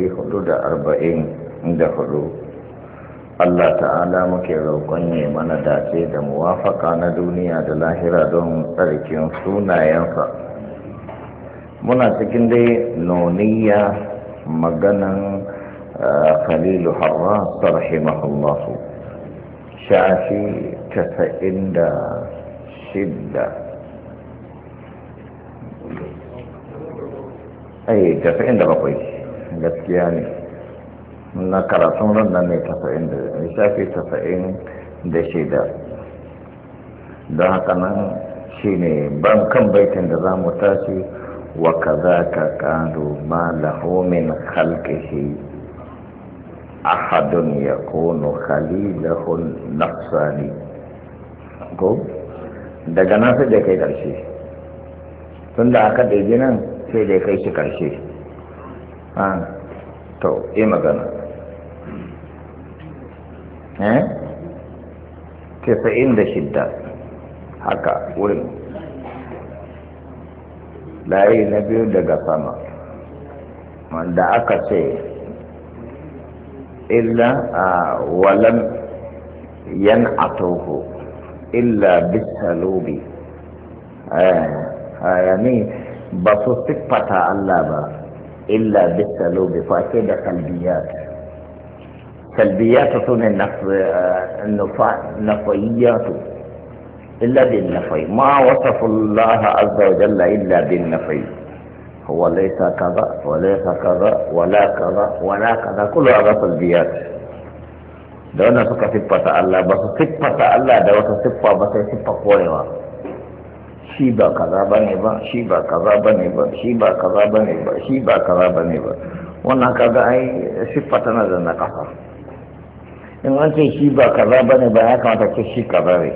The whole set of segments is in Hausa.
ɗari hudu da arba'in da hudu Allah ta'ala muke roƙon ne mana dace da muwafaka na duniya da lahira don tsarkin sunayensa muna cikin dai noniya maganan eh, khalilu harra rahimahullahu shafi casa'in da shidda ai eh, casa'in da bakwai gaskiya ne na karatun rannan ne tafa'in da shafi tafa'in da shida don haka nan shi ne ban kan baitin da za mu tashi wa ka za ka ƙaru ma lahomin halkashi ahadun ya kono halilahun nafsani ko daga nan sai da kai karshe tun da aka daidai nan sai da kai shi ƙarshe to yi magana eh tasa'in da shidda haka wurin layi na biyu daga sama wanda aka ce illa a walan yan atohu illa bisalubi a yani ba su siffata Allah ba إلا بالسلوب فأكيد سلبيات سلبيات النفع النفيات إلا بالنفي ما وصف الله عز وجل إلا بالنفي هو ليس كذا وليس كذا ولا كذا ولا كذا كل هذا سلبيات دون سكة suka الله بس ba الله دون Allah بس wata siffa shi ba kaza ne ba shi ba kaza ne ba shi ba kaza ne ba shi ba kaza ne ba wannan kaga ai siffa tana da na kafa in an ce shi ba kaza ne ba ya kamata ce shi kaza ne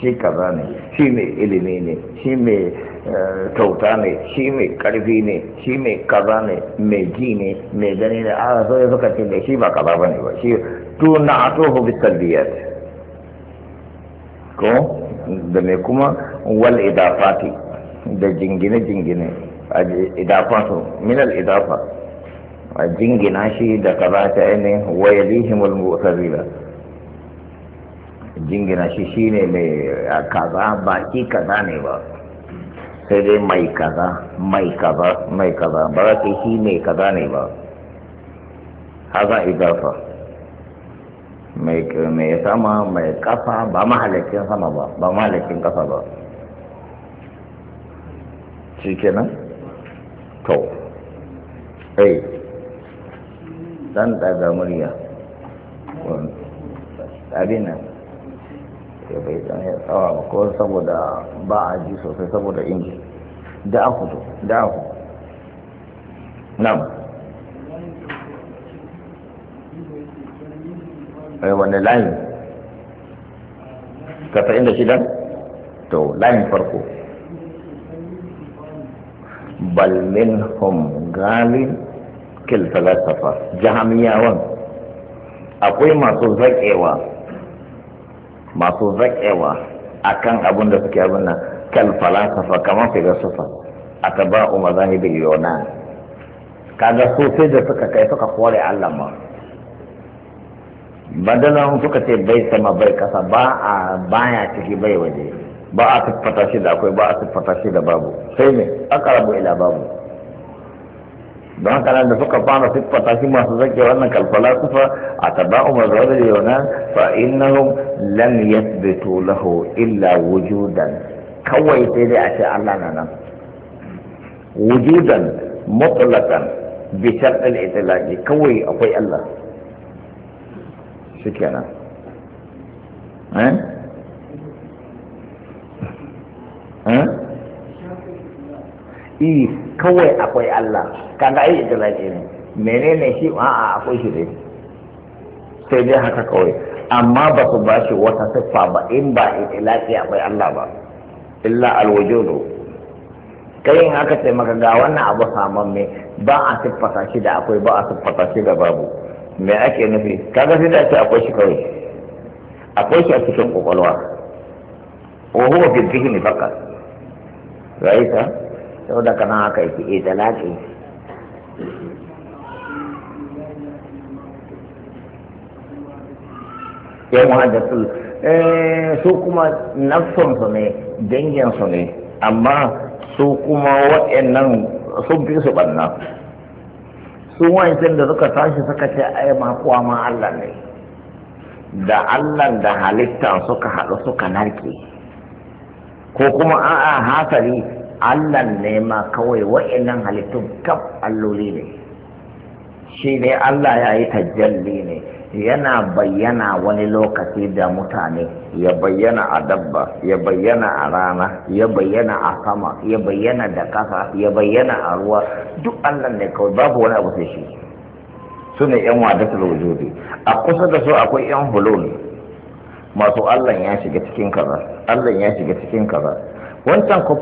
shi kaza ne shi mai ilimi ne shi mai eh, kyauta ne shi mai karfi ne shi mai kaza ne mai ji ne mai gani ne a so ya suka ce ne shi ba kaza ne ba shi to na atohu bisalbiyat ko da me kuma wal idafati da jingine-jingine idafatu minal idafa a jingina shi da kaza ta ainihin wayalihimul mu'tazila jingina shi shi ne mai kaza baki kaza ne ba sai dai mai kaza mai kaza mai kaza ba za ka shi mai kaza ne ba haza idafa mai sama mai kafa ba mahalakin sama ba ba mahalakin kafa ba shi kenan to ai eh, dan daga murya abin nan ya bai dan ya tsawa ba ko saboda ba a ji sosai saboda inji da aku eh, to da aku na'am ai wani layin ka ta inda shidan to layin farko Balmin minhum galin kil jahamiyawan akwai masu zakewa masu zakewa akan abun da suke abin nan kal falasafa kamar filosofa atba'u mazahibil yona kaga su sai da suka kai suka kore Allah ma badalan suka ce bai sama bai kasa ba a baya ciki bai waje ba a siffata shi da akwai ba a siffata shi da babu sai ne akarabu ila babu don haka nan da suka fara siffata shi masu zake wannan kalfala sufa a taba umar da fa innahum lam yathbitu lahu illa wujudan kawai sai dai a ce Allah na nan wujudan mutlaqan bi shartil itlaqi kawai akwai Allah shikenan eh eh kawai akwai Allah kaga ai idlaji ne menene shi a'a akwai shi dai sai dai haka kawai amma ba su ba shi wata siffa ba in ba idlaji akwai Allah ba illa alwujudu kai in aka sai maka ga wannan abu saman me ba a siffata shi da akwai ba a siffata shi da babu me ake nufi kaga sai da ce akwai shi kawai akwai shi a cikin kokolwa wa huwa fi dhihni faqat raisa sau da kana haka yake e eh, talaƙi yan muhaddasul eh, su kuma nafsunsu ne danginsu ne amma su kuma waɗannan sun fi su ɓanna su wancan da suka tashi suka ce ai makuwa ma Allah ne da Allah da halitta suka haɗu suka narke ko kuma a'a hasari Allah ne ma kawai wa'annan halittun kaf alloli ne shi ne Allah ya yi tajalli ne yana bayyana wani lokaci da mutane ya bayyana a dabba ya bayyana a rana ya bayyana a sama ya bayyana da kasa ya bayyana a ruwa duk allah ne kawai babu wani abu sai shi su ne yan wadatar wujudi a kusa da su akwai yan ne. masu Allah ya shiga cikin kaza Allah ya shiga cikin kaza wancan ko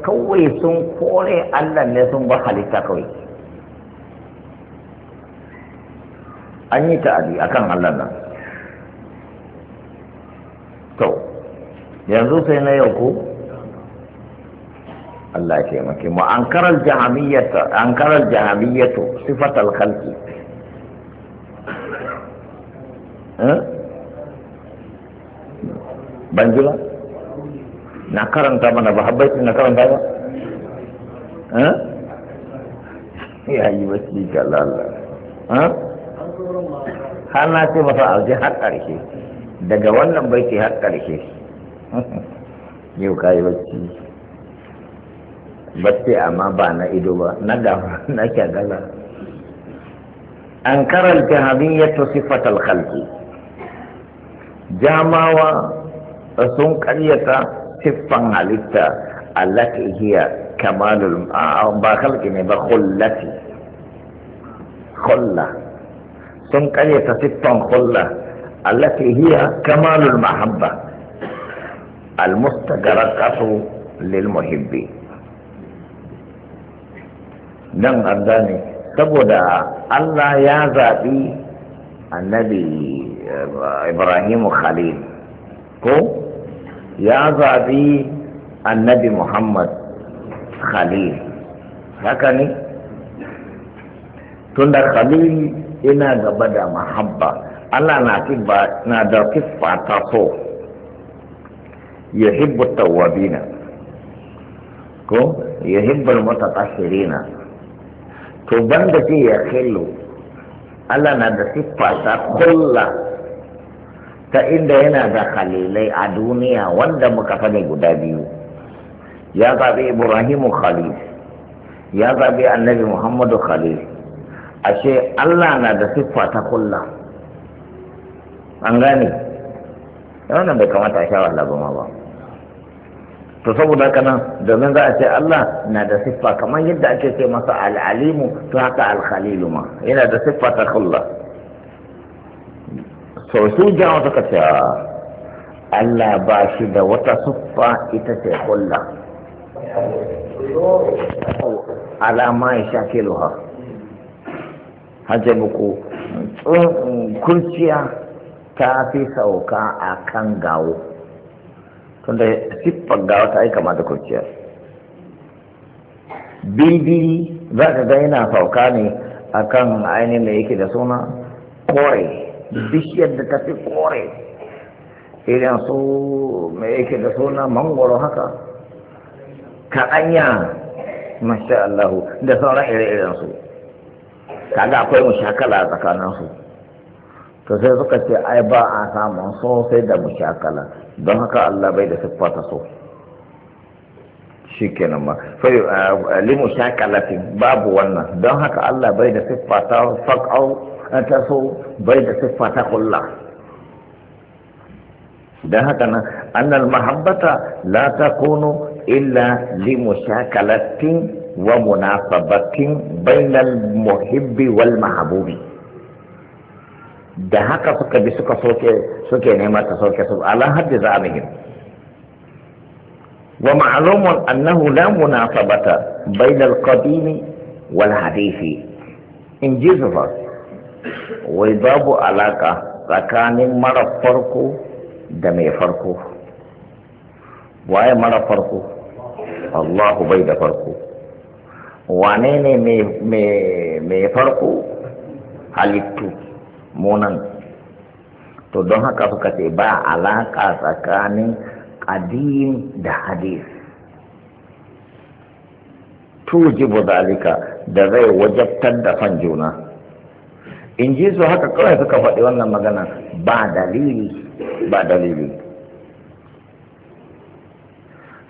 kawai sun kore Allah ne sun ba halitta kawai an yi ta'adi akan Allah nan to yanzu sai na yau ko Allah ya taimake mu ankarar jahamiyyata ankarar jahamiyyatu sifatal khalqi eh banjula na karanta mana ba habbaiti na karanta ba ya yi wasu ga lalla har na ce masa alji har ƙarshe daga wannan baiti har ƙarshe yau ka yi Ba bacci amma ba na ido ba na gaba na shagala an karanta hamiyyatu sifatal khalqi jamawa sun karyata siffan halitta allati hiya kamalul ba khalqi ne ba khullati khulla sun karyata siffan khulla allati hiya kamalul mahabba almustagaraqatu lil muhibbi dan Allah ne saboda Allah ya zaɓi annabi Ibrahimu Khalil ko ya zaɓi annabi muhammad khalil haka ne tunda khalil ina gaba da mahabba allah na na da kiffa ta so ya hibbu tawabina ko ya ta mutatashirina to banda ce ya khillu allah na da siffa ta kulla ta inda yana da khalilai a duniya wanda muka sani guda biyu ya zaɓi ibrahimu khalil ya zaɓi annabi muhammadu khalil ashe allah na da siffa ta kulla an gane wannan bai kamata a sha wallah ba to saboda haka nan domin za a ce Allah na da siffa kamar yadda ake ce masa al'alimu ta haka al-khalilu ma yana da siffa ta kulla to su jawa suka ce Allah ba shi da wata suffa ita ce kulla alama ya sha kiluha ku kurciya ta fi sauka a kan gawo tunda siffar gawo ta yi kama da kurciya bibiri za ka ga yana sauka ne a kan ainihin da yake da suna kawai bishiyar da ta fi kore Idan su mai yake da suna mangoro haka kaɗanya masha Allahu da sauran ire-iren su kaga akwai mushakala a tsakanin su to sai suka ce ai ba a samun sosai sai da mushakala don haka Allah bai da siffata so shi kenan ma fai eh, limu shakalatin babu wannan don haka Allah bai da siffata fakau ta so bai da siffa ta kulla don haka nan annal mahabbata la ta kono illa li mushakalatin wa munasabatin bainal muhibbi wal mahabubi da haka suka bi suka soke suke nema ta soke su ala haddi za a ومعلوم أنه لا مناسبة بين القديم والحديث إن جزفت wai babu alaka tsakanin mara farko da mai farko waye mara farko allahu bai da farko wane ne mai farko halittu munan to don haka suka ce ba alaka tsakanin kadim da hadis tujibu zalika da zai wajabtar da fan juna in ji su haka kawai suka faɗi wannan magana ba dalili ba dalili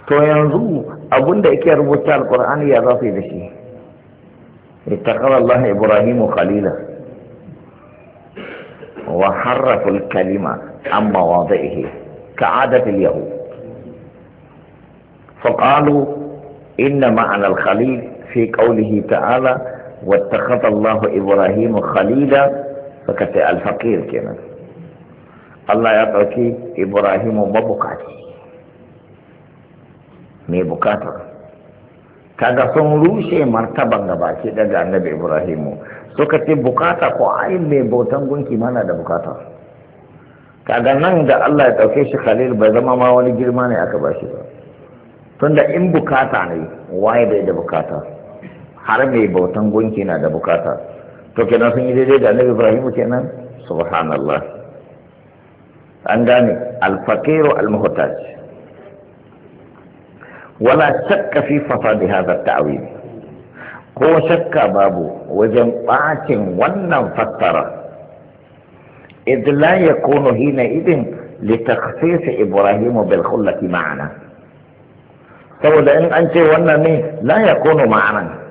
to yanzu abinda yake rubuta alkur'ani ya za su yi da shi ittaqala Allah Ibrahim khalila wa harrafa al-kalima an mawadi'ihi ka'adati al-yahud فقالوا إن معنى الخليل في قوله تعالى واتخذ الله إبراهيم خليلا فكت الفقير كنا الله يعطيك إبراهيم مبقاتي mai bukata kaga sun rushe martaban gabaki daga annabi ibrahimu suka ce bukata ko ai mai bautan gunki mana da bukata kaga nan da Allah ya ɗauke shi khalil bai zama ma wani girma ne aka ba ba tunda in bukata ne waye bai da bukata har mai bautan gunki na da bukata to kenan sun yi daidai da annabi ibrahim kenan subhanallah an gane alfaqiru almuhtaj wala shakka fi fasad hadha ta'wil ko shakka babu wajen bacin wannan fassara إذ لا يكون حينئذ لتخصيص إبراهيم بالخلة معنا saboda in an ce wannan ne la ya kono ma'anan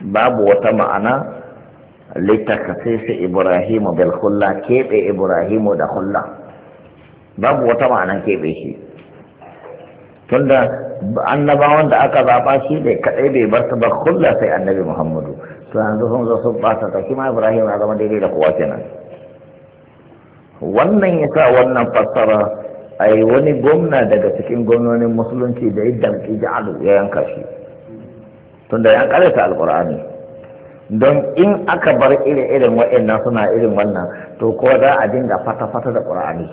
babu wata ma'ana sai ibrahimu bil hulla keɓe ibrahimu da hulla babu wata ma'anan keɓe shi tunda annabawan da aka zaɓa shi ne kaɗai bai bar ta ba hulla sai annabi muhammadu to yanzu sun zo sun ɓata ta shi ma ibrahim na zama daidai da kowa kenan wannan yasa wannan fassara ai wani gwamna daga cikin gwamnonin musulunci da ya damƙi ja'alu ya yanka shi tunda ya karanta alkur'ani don in aka bar irin irin wa'annan suna irin wannan to ko za a dinga fata-fata da qur'ani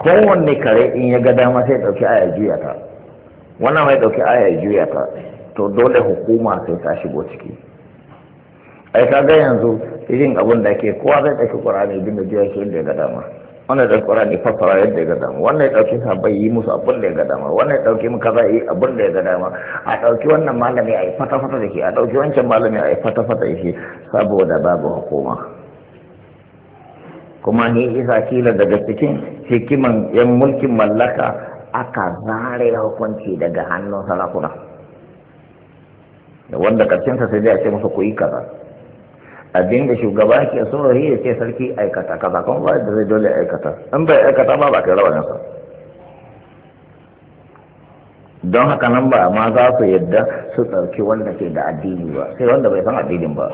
kowanne kare in ya ga dama sai dauki aya juya ta wannan mai dauki aya juya ta to dole hukuma sai ta shigo ciki ai ka ga yanzu irin abin da ke kowa zai ɗauki ƙur'ani dinga juya shi inda ya ga dama wannan da Qur'ani fassara yadda ya ga dama wannan ya dauki sabai yi musu abin da ya ga dama wannan ya dauki mu kaza yi abin da ya ga dama a dauki wannan malami a yi fata fata da ke, a dauki wancan malami a yi fata fata ya ke, saboda babu hukuma kuma ni isa kila daga cikin hikiman yan mulkin mallaka aka zare hukunci daga hannun sarakuna da wanda karshen sai dai a ce musu ku yi kaza abin da shugaba ke so ya ce sarki aikata kaza kuma ba da zai dole aikata in bai aikata ba ba kai rawanin sa don haka nan ba ma za su yadda su ɗauki wanda ke da addini ba sai wanda bai san addinin ba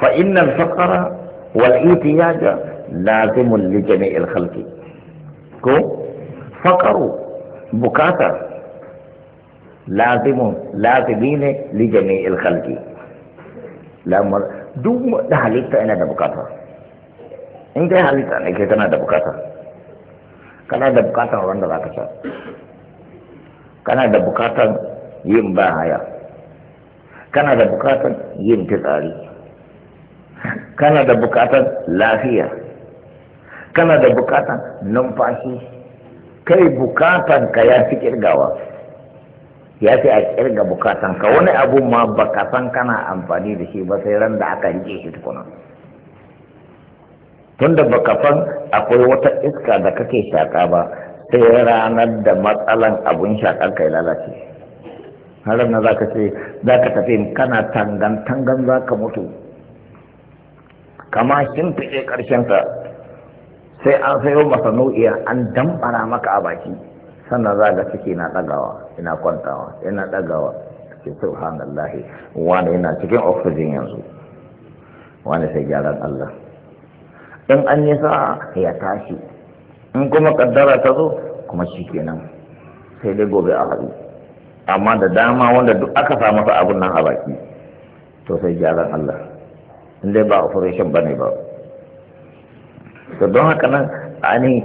fa innal faqara wal itiyaja lazimun li jami'il khalqi ko faqaru bukata lazimun lazimi ne li jami'il khalqi lamar duk da halitta yana da bukata in kai halitta ne ke kana da bukata kana da bukatar wanda za ka sha kana da bukatar yin ba haya kana da bukatar yin fitsari kana da bukatar lafiya kana da bukatar numfashi kai bukatan ka ya fi kirgawa ya fi a kirga bukatan ka wani abu ma ba ka san kana amfani da shi ba sai ran da aka rike shi tukuna tunda ba ka san akwai wata iska da kake shaka ba sai ranar da matsalan abun shakar kai lalace har na zaka ce zaka tafi kana tangan tangan zaka mutu kama shin fice karshen ka sai an sayo masa an dambara maka a baki sannan za ga ciki na ɗagawa ina kwantawa ina ɗagawa ke wani yana cikin oxygen yanzu wani sai gyaran Allah in an yi sa'a ya tashi in kuma kaddara ta zo kuma shi kenan sai dai gobe a haɗu amma da dama wanda duk aka sa masa abun nan a baki to sai gyaran Allah in dai ba operation ba ne ba to don haka nan ani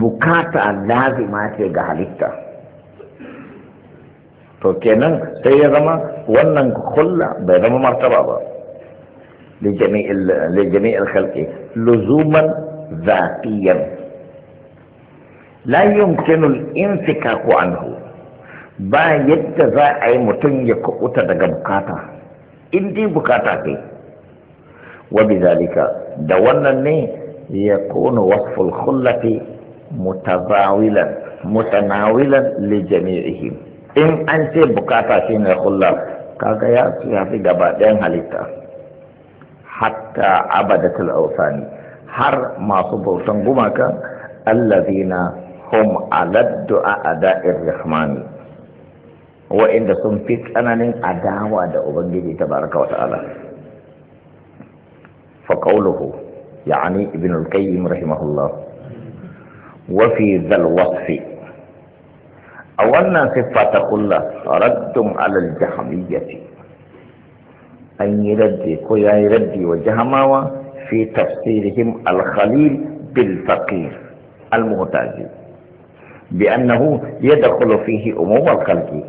bukata lazima ce ga halitta to kenan sai ya zama wannan kulla bai zama martaba ba lijami'il khalqi luzuman zatiyan la yumkinu al-infikaku anhu ba yadda za a yi mutum ya kuɓuta daga bukata in dai bukata ce wa bizalika da wannan ne يكون وصف الخلة متزاولا متناولا لجميعهم إن أنت بكاتا شين الخلة كاكا يا في قبادين هلتا حتى عبدة الأوثان har masu bautan gumaka allazina hum aladdu a'da'ir rahmani wa'inda sun fi tsananin adawa da ubangiji tabaraka wa ta'ala fa qawluhu يعني ابن القيم رحمه الله وفي ذا الوصف أولنا صفة كل ردتم على الجهمية أن يردي كويا يردي وجهماوة في تفسيرهم الخليل بالفقير المعتاد بأنه يدخل فيه أمور الخلق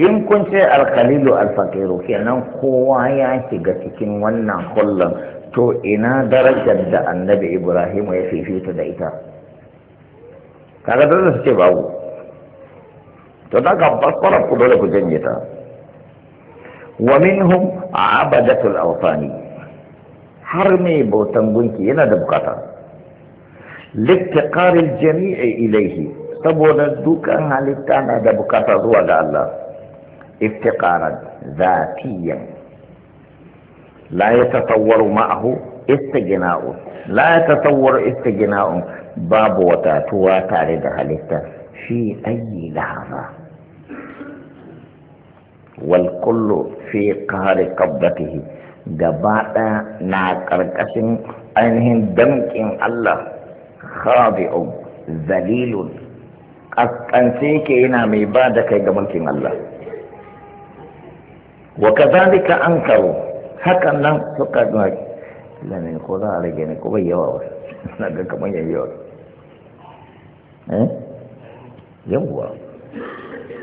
إن كنت الخليل الفقير كأنه قوايا تجتكين ونا خلا to ina darajar da annabi ibrahim ya fifita da ita kaga da su ce babu to da ga basfara ku dole ku janye ta wa minhum abadatul awtani har me bautan gunki yana da bukata littiqaril jami'i ilayhi saboda dukan halitta na da bukata zuwa ga Allah iftiqaran zatiyan لا يتطور معه استجناء لا يتطور استجناء باب وتاتوا تارد هلتا في أي لحظة والكل في قهر قبضته جباء ناكر كسن أنهم دمك الله خاضع ذليل أنسيك إنا ميبادك جملك الله وكذلك أنكروا hakan nan suka ɗuwaki lamin ko za a rage ne ko bai yawa wasu na ga kamar yayi yawa eh yawwa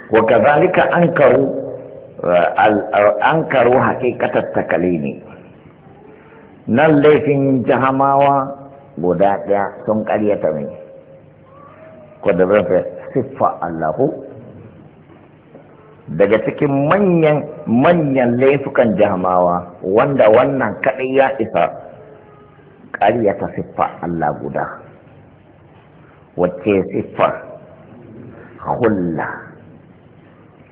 wa kazalika ankaru ankaru haqiqatat takalimi nan laifin jahamawa guda ɗaya sun ƙaryata mai ko da siffa Allahu daga cikin manyan manyan laifukan jahamawa wanda wannan kaɗai ya isa ta siffa Allah guda wacce siffa hulla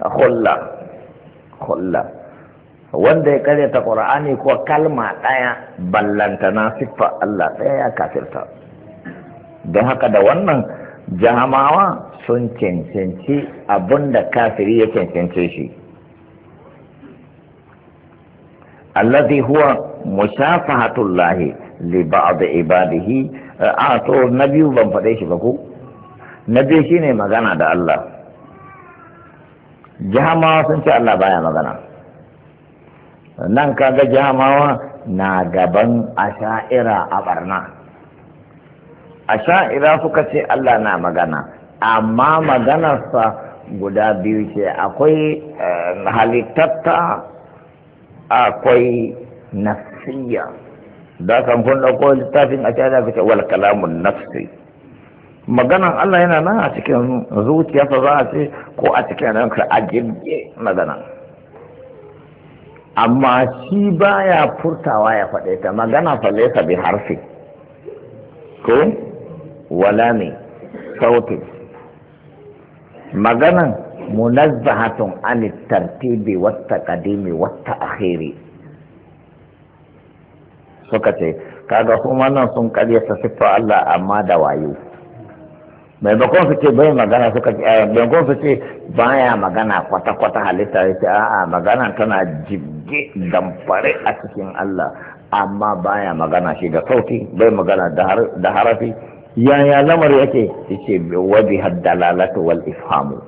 hulla hulla wanda ya ta ƙura'ani ko kalma ɗaya ballantana siffa Allah ɗaya ya kafirta don haka da wannan jahamawa sun cancanci abin da kafiri ya cancance shi allazi huwa musafahatullahi li ba'd ibadihi a to na biyu ban faɗe shi ba ko na biyu shine magana da Allah jahamawa sun ce Allah baya magana nan kaga jahamawa na gaban asha'ira a barna a sha'ira suka ce Allah na magana amma maganarsa guda biyu ce akwai eh, halittatta akwai nafiya da kan kun ɗauko littafin a sha'ira ce wal kalamun nafsi maganan Allah yana nan a cikin zuciyarsa za a ce ko a cikin ranka a jirge magana amma shi baya furtawa ya faɗe ta magana fa laysa bi harfi ko wala ne sautin maganan munazzahatun an tartibi wata kadimi wata akhiri suka ce kaga kuma nan sun karyata siffa Allah amma da wayo mai su ce bai magana suka ce bakon eh, su ce baya magana kwata-kwata halitta ya ce a'a magana tana jibge damfare a cikin Allah amma baya magana shi da sauti bai magana da harafi yaya lamar yake ce bi wabi dalalatu wal ifhamu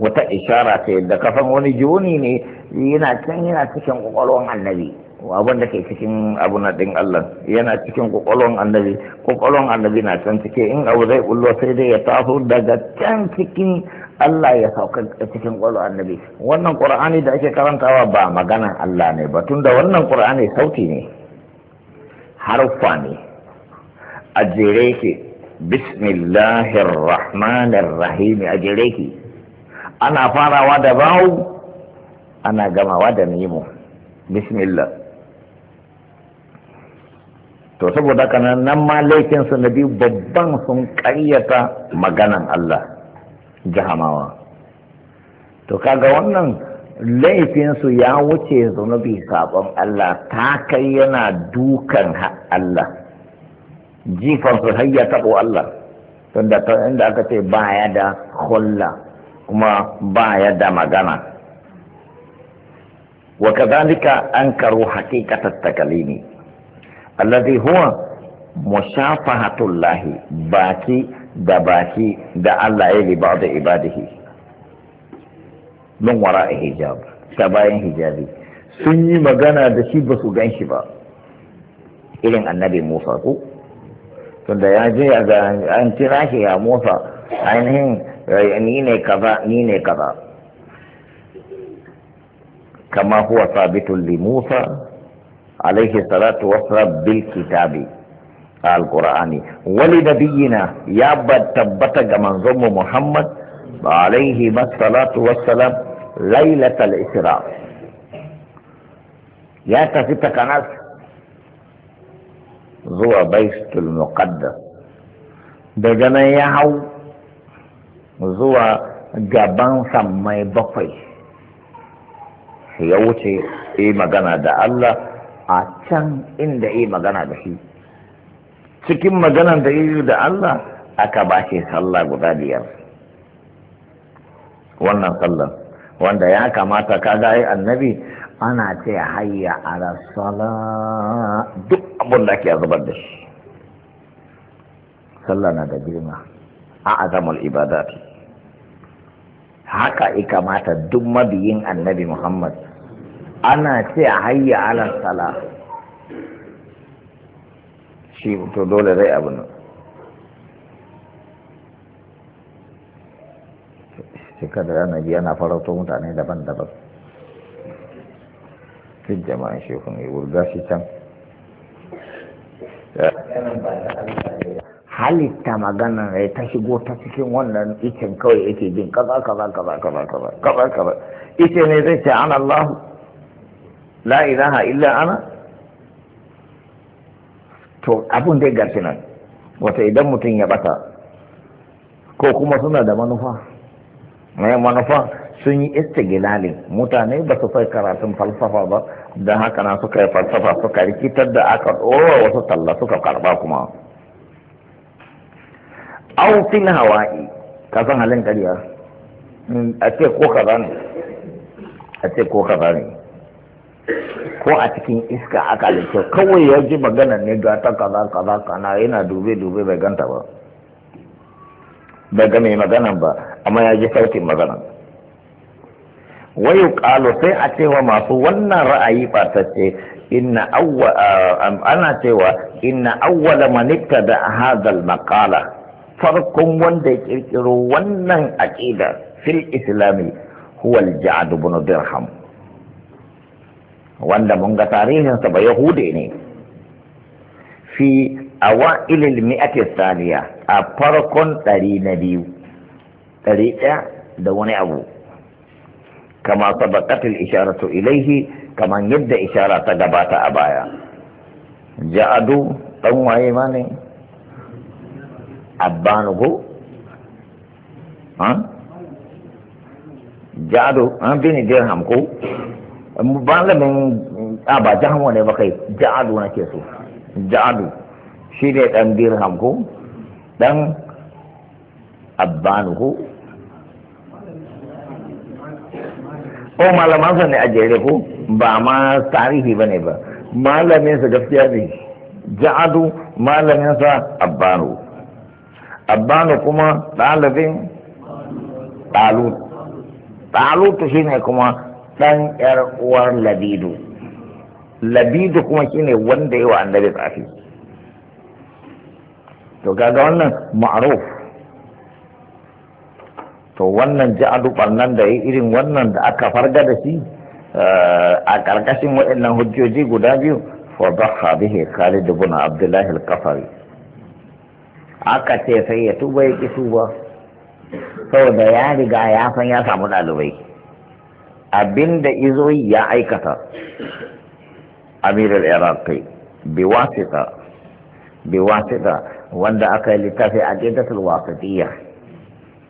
wata ishara ta yadda kafan wani joni ne yana can yana cikin kwakwalwan annabi abin da ke cikin abu na ɗin Allah yana cikin kwakwalwan annabi kwakwalwan annabi na can cike in abu zai bullo sai dai ya taso daga can cikin Allah ya sauka cikin kwakwalwan annabi wannan qur'ani da ake karantawa ba magana Allah ne ba tunda wannan qur'ani sauti ne haruffa ne a jere ki bismillahir rahmanir rahim a jere ki ana farawa da bawu ana gamawa da nimu. bismillah to saboda kana nan ma laifinsu na biyu babban sun ƙaryata maganan Allah jahamawa to kaga wannan laifinsu ya wuce zunubi sabon Allah ta kai yana dukan Allah jifan su har ya taɓo Allah tunda inda aka ce baya da hulla kuma baya da magana wa kadhalika ankaru haqiqatat takalimi alladhi huwa mushafahatullah baki da baki da Allah ya liba da ibadihi min wara hijab ta bayan hijabi sun yi magana da shi ba su gan shi ba irin annabi Musa ko tunda ya je a ga an kira shi ya motsa ainihin ni ne kaza ni ne kaza kama huwa sabitun li musa alaihi salatu wassalam bil kitabi alqur'ani wali nabiyina ya tabbata ga manzon mu muhammad alaihi salatu wassalam lailatul isra ya tafi takanas zuwa baistul muqaddas daga nan ya hau zuwa gaban sammai bakwai ya wuce yi magana da Allah a can inda yi magana da shi cikin maganan da yi da Allah aka ba shi sallah guda biyar wannan sallan wanda ya kamata kaga yi annabi ana ce hayya ala sala duk abun da ke zubar da shi sallah na da girma a azamul ibadat haka ya kamata duk mabiyin annabi muhammad ana ce hayya ala sala shi to dole zai abu nan shekarar annabi yana farauto mutane daban-daban duk jama'an shekun ya wurga shi can halitta magana ne ta shigo ta cikin wannan ikin kawai yake jin kaza kaza kaza kaza kaza kaza kaza ita ne zai ce ana Allah la ilaha illa ana to abun dai gashi nan wata idan mutum ya bata ko kuma suna da manufa mai manufa sun yi istigilali mutane ba su sai karatun falsafa ba don haka na suka yi falsafa suka rikitar da aka ɗora wasu talla suka karba kuma au fil hawa'i ka san halin kariya hmm, a ce ko kaza ne a ce ko kaza ne ko a cikin iska aka halitta kawai ya ji magana ne ga ta kaza kaza kana yana dube dube bai ganta ba bai ga mai maganan ba amma ya ji sautin maganan wayu kalu sai a cewa masu wannan ra'ayi fatacce inna awwa ana cewa inna awwala man da hadal maqala farkon wanda ya kirkiro wannan aqida fil islami huwa al-ja'd ibn dirham wanda mun ga tarihin sa ba yahude ne fi a wa ililmi ake saniya a farkon ɗari na biyu ɗari ɗaya da wani abu kama sabakatul isharatu ilaihi kama yadda ishara ta gabata a baya ja'adu ɗan waye ma ne abbanugo ja'adu an bini dirham ko ah, ba lamin a ba jahamo ne ba kai ja'adu nake so ja'adu shi ne ɗan dirham ko ɗan abbanu ko malaman oh, malamansa ne a jere ko ba ma tarihi ba ne ba malaminsa gaskiya ne ja'adu malaminsa abbanu abbanu kuma ɗalibin ɗalut ɗalutu shi ne kuma ɗan ƴar uwar labidu labidu kuma shine wanda yawa annabi tsafi to kaga wannan ma'ruf to wannan ja'adu barnan da yi irin wannan da aka farga da shi eh, a ƙarƙashin waɗannan hujjoji guda biyu fa dhaha bihi Khalid ibn Abdullah al-Qafari aka ce sai ya tuba ya ki tuba saboda ya riga ya san ya samu ɗalibai abinda izo ya aikata amir al-iraqi biwasita biwasita wanda aka yi littafi a ƙidatul wasatiyya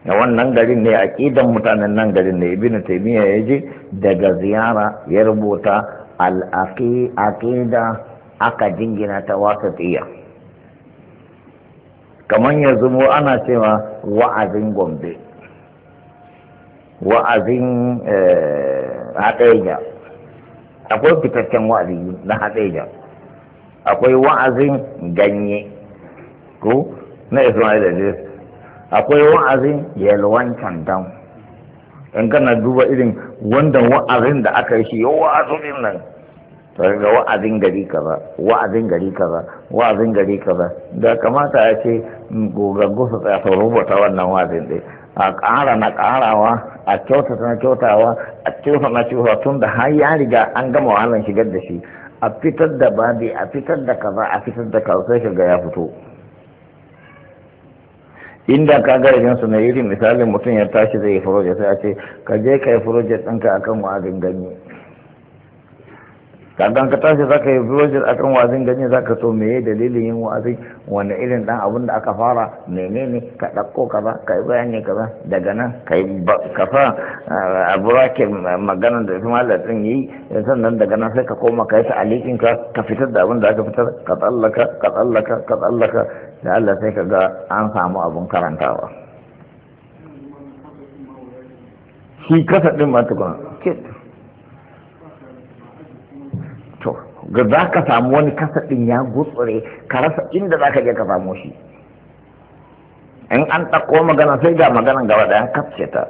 na wannan garin ne a ƙidan mutanen nan garin ne ibn taimiyya ya ji daga ziyara ya rubuta al'aƙida aka jingina ta wasatiyya kamar ya zumo ana cewa wa'azin gombe wa'azin eh, haɗeja akwai fitaccen wa'azi na haɗeja akwai wa'azin ganye ko na ismail idris akwai wa'azin yalwancan dan in kana duba irin wanda wa'azin da aka yi shi yau wa'azin nan ga wa'azin gari kaza wa'azin gari kaza wa'azin gari kaza da kamata ya ce mm, gogaggo su tsaya su rubuta wannan wa'azin ɗin a ƙara na ƙarawa a kyautata na kyautawa a kyauta na kyauta tun da har ya riga an gama wahalar shigar da shi a fitar da babi a fitar da kaza a fitar da kaza sai shiga ya fito inda ka ga su na yi misalin mutum ya tashi zai furoje sai a ce ka je ka yi furoje ɗinka akan wazin ganye ka tashi za ka yi a akan wazin ganye ka so meye dalilin yin wazi wani irin dan abin da aka fara menene ka dauko kaza ka yi bayani kaza daga nan ka yi kafa eh, a burakin maganar da su malar din yi sannan daga nan sai ka koma ka yi ta alikin ka ka fitar da abin da aka fitar ka tsallaka ka tsallaka ka tsallaka da Allah sai ka ga an samu abun karantawa shi kasa ɗin ba tukuna to ga za ka samu wani kasa ɗin ya gutsure ka rasa inda za ka je ka samu shi in an ɗauko magana sai ga maganan gaba da an kafce ta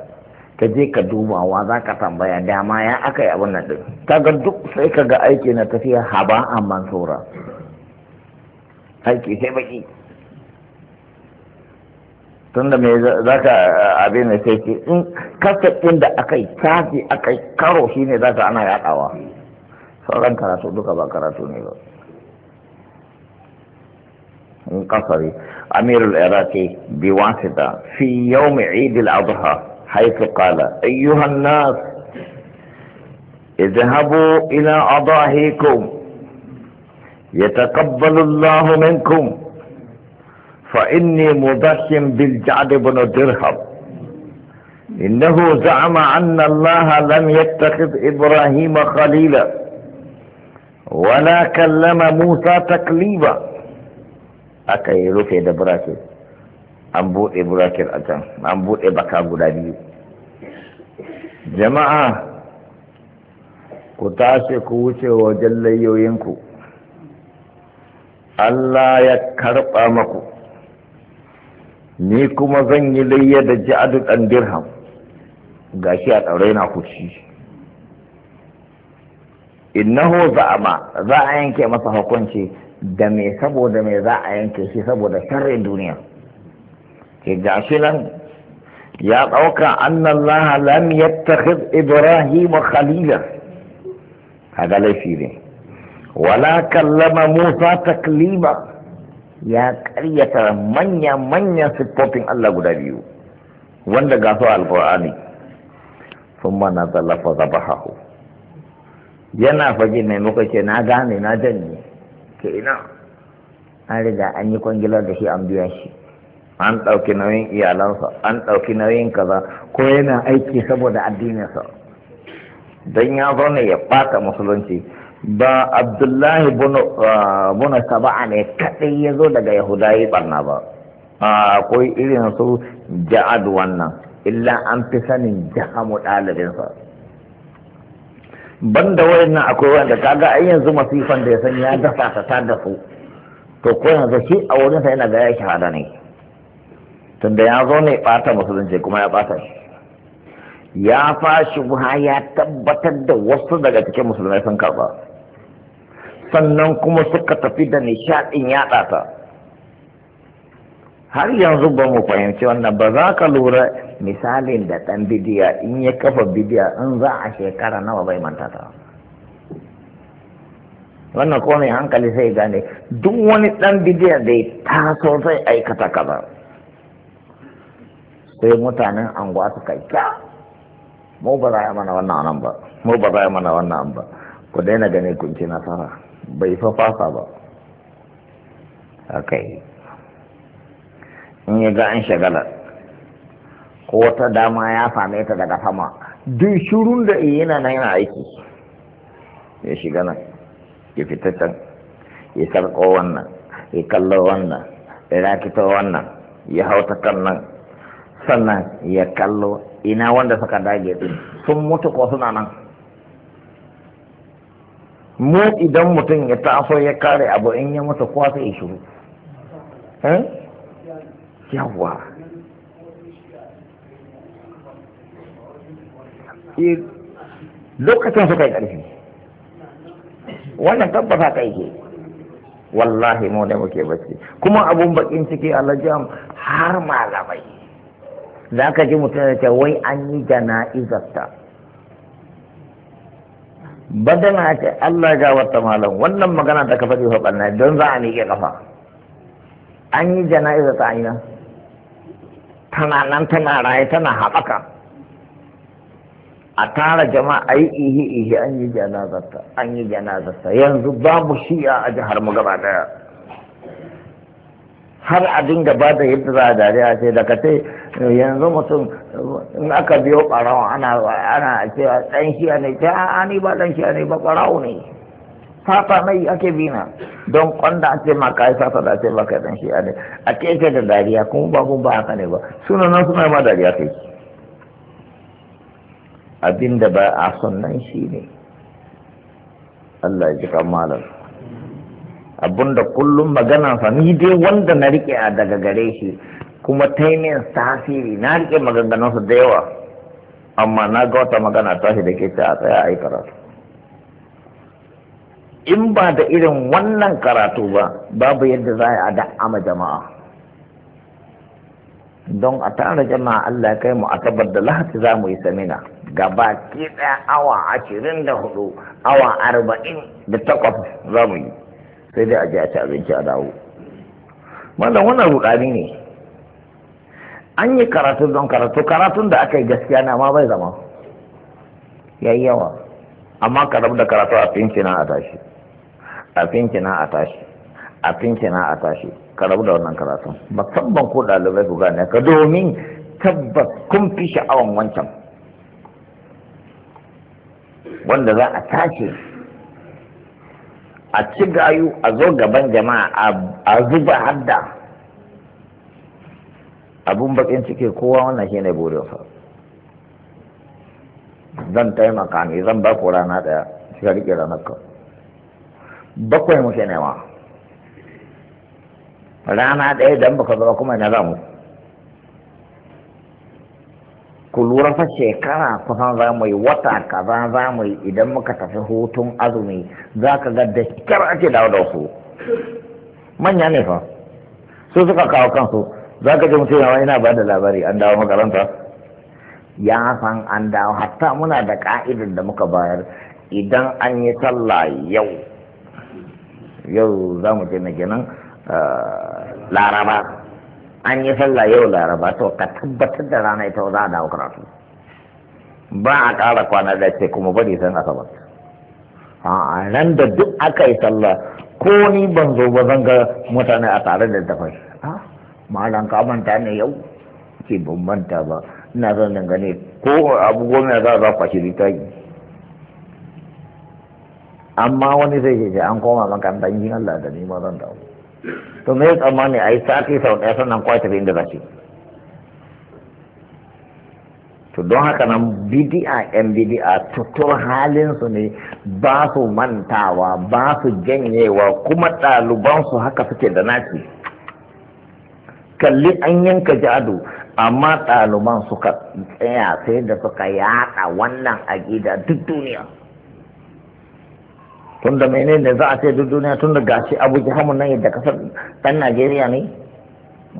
ka je ka dubawa za ka tambaya dama ya aka yi abin nan ɗin ga duk sai ka ga aiki na tafiya haba a mansura aiki sai baki tun da mai za ka abin da sai ke in kasafin da aka yi caji aka yi karo shi ne za ka ana yadawa sauran karatu duka ba karatu ne ba in kasari amirul iraki bi wasita fi yawmi idil adha haythu qala ayyuhan nas اذهبوا الى اضاحيكم يتقبل الله منكم فإني مضحم بالجعد بن درهم إنه زعم أن الله لم يتخذ إبراهيم خليلا ولا كلم موسى أكا أكي يا دبراكي أنبوء إبراكي الأجام أنبوء بكا بلادي جماعة كتاسك كوشي وجل يوينكو الله يكرب أمكو ni kuma zan yi layya da ja'adu ɗan dirham gashi a ɗaure na kuci innahu za'ama za a yanke masa hukunci da me saboda me za a yanke shi saboda sharrin duniya ke gashi nan ya ɗauka annallaha lam yattakhidh ibrahim khalila kaga laifi ne wala kallama musa taklima ya karyata manya-manyan siffofin Allah guda biyu wanda ga su alƙur'ani sun mana zallafa zabahahu yana fage mai muka ce na gane na janye ke ina an riga an yi kwangilar da shi an biya shi an ɗauki nauyin iyalansa an ɗauki nauyin kaza ko yana aiki saboda addininsa Dan ya zo ne ya ɓata musulunci ba abdullahi buna ah, saba'a ne kaɗai ya zo daga yahudayi barna ba ah, akwai irin su ja'ad wannan illa an fi sanin jahamu ɗalibinsa banda wayannan akwai wanda kaga ai yanzu masifan da ya san ya dafa ta ta dafu to ko yanzu shi a wurin sa yana ga ya shahada ne tunda ya zo ne bata musulunci kuma ya bata. shi ya fashi ya tabbatar da wasu daga cikin musulmai sun karba sannan kuma suka tafi da nishaɗin yaɗa ta har yanzu ba mu fahimci wannan ba za ka lura misalin da ɗan bidiya in ya kafa bidiya in za a shekara nawa bai manta ta wannan ko mai hankali sai gane duk wani ɗan bidiya da ya taso zai aikata kaza sai mutanen anguwa suka kya mu ba za a mana wannan nan ba mu ba za a mana wannan ba ku daina gane kun ci nasara bai fa fasa ba akai in ya ga an shagalar ko wata dama ya same ta daga sama duk shirun da yana nan yana aiki ya shiga nan ya fita can ya sarko wannan ya kallo wannan ya rakito wannan ya hauta kan nan sannan ya kallo ina wanda suka dage din sun mutu ko suna nan mu idan mutum ya taso ya kare abu in ya masa kowa sai ya shiru eh? yawa eh, lokacin suka yi ƙarfi wannan tabbata ka ke wallahi mu ne muke bacci kuma abun bakin ciki lajiyar har malamai za ka ji mutum ya ce wai an yi jana'izarta badana ake Allah ga wata malam wannan magana da ka faɗi fa don za a miƙe ƙafa. an yi jana'iza ta aina tana nan tana raye tana haɓaka a tara jama'a a yi ihe ihi an yi janazarta an yi janazarta yanzu babu shi'a a jihar mu gaba daya har a dinga ba da yadda za a dariya ce daga ce yanzu mutum in aka biyo ɓarawa ana ana cewa ɗan shiya ne ce a ni ba ɗan shiya ne ba ɓarawo ne fata mai ake bina don kwanda a ce ma kai fata da ce baka ɗan shiya ne a ke ce da dariya kuma kuma ba haka ne ba suna nan suna ma dariya kai abinda ba a son shi ne Allah ya ji kan malam abinda kullum maganansa ni dai wanda na rike a daga gare shi kuma ta yi tasiri na rike su da yawa amma na ga wata magana ta shi da ke a tsaya a yi karatu in ba da irin wannan karatu ba babu yadda za a da'ama jama'a don a tara jama'a Allah kai mu a tabar da lahati za mu yi samina gaba ke ɗaya awa ashirin da hudu awa arba'in da takwas za mu yi sai dai a je a ci abinci a dawo wannan wannan rudani ne an yi karatu don karatu karatun da aka yi gaskiya na ma bai zama ya yi yawa amma ka da karatu a finci na a tashi a finci na a tashi a finci na a tashi ka da wannan karatun musamman ko ɗalibai ku gane ka domin tabbas kun fi sha'awan wancan wanda za a tashi a ci gayu a zo gaban jama'a a zuba hadda abun bakin ciki kowa wannan ne burinsa zan taimaka ne zan ba ku rana daya shi rike ranar ka bakwai muke nema rana daya don baka zama kuma na zamu mu ku lura fa shekara kusan za mu yi wata kaza za mu yi idan muka tafi hutun azumi za ka ga da kyar ake dawo da su manya ne fa su suka kawo kansu za ka ji mutum yawa yana ba da labari an dawo makaranta ya san an dawo hatta muna da ka'idar da muka bayar idan an yi sallah yau yau za mu je na kenan eh, laraba an yi sallah yau laraba to ka tabbatar da rana ita za a dawo karatu ba a ƙara kwana da ce kuma bari san asabar a nan da duk aka yi sallah ko ni ban zo ba zan ga mutane a tare da tafai ah, malam ka manta ne yau ke ban manta ba ina son dangane ko abu goma za a za kwashi yi amma wani zai ce an koma makarantar yin Allah da ma zan dawo to me tsammani a yi sati sau ɗaya sannan kwa tafi inda zaki to don haka nan bidi'a yan bidi'a tutur halinsu ne ba su mantawa ba su janyewa kuma ɗalibansu haka suke da naci kalli an yanka jadu amma ɗaliban suka tsaya sai da suka yaɗa wannan aƙida duk duniya tunda menene za a ce duk duniya tunda gashi abu hamun nan yadda kasar dan najeriya ne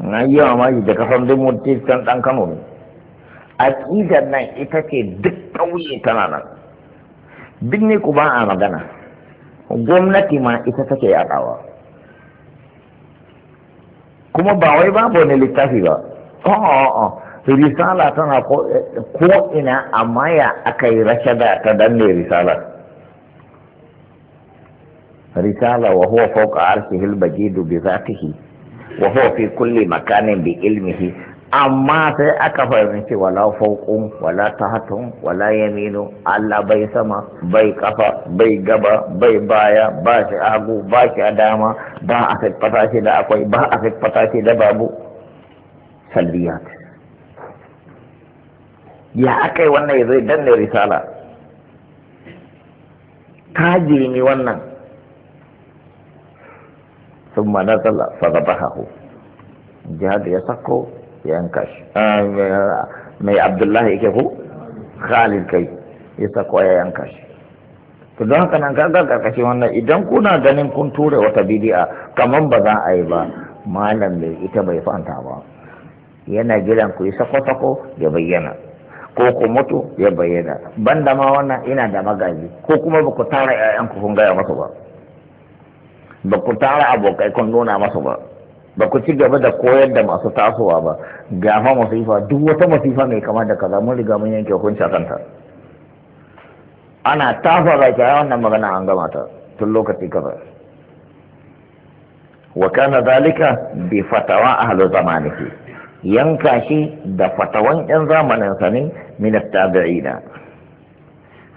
na yi yawa ma yadda kasar duk mutum kan dan kano ne aƙidar nan ita ce duk ƙauye tana nan duk ne ku ba a magana gwamnati ma ita take yaɗawa kuma ba wai babu wani littafi ba risala tana ko ina amma ya aka yi rashada ta danne risalar Risala رسالة bajidu bi zatihi wa huwa fi kulli makanin bi ilmihi amma sai aka fahimci wala fauqun wala tahatun wala yaminu Allah bai sama bai kafa bai gaba bai baya ba shi agu ba shi adama ba a fata shi da akwai ba a fata shi da babu salliyat ya akai wannan ya zai danne risala ta ne wannan ثم نزل فذبحه mai Abdullahi ينكش ku? Khalid kai. Ya sako ya yanka shi. to don haka nan kaga karkashin wannan idan kuna ganin kun tura wata bidi'a kamar ba za a yi ba malam mai ita bai fanta ba yana gidan ku yi sako-sako ya bayyana ko ku mutu ya bayyana banda ma wannan ina da magaji ko kuma ba ku tara 'ya'yanku kun gaya masa ba ba ku tara abokai kun nuna masa ba ba ku ci gaba da koyar da masu tasowa ba gafa masifa duk wata masifa mai kama da kaza mun riga mun yanke hukunci a kanta ana tafa ba ta wannan magana an gama ta tun lokaci kaza wa kana zalika bi fatawa ahlu zamaniki yanka shi da fatawan yan zamanin sa ne min at-tabi'ina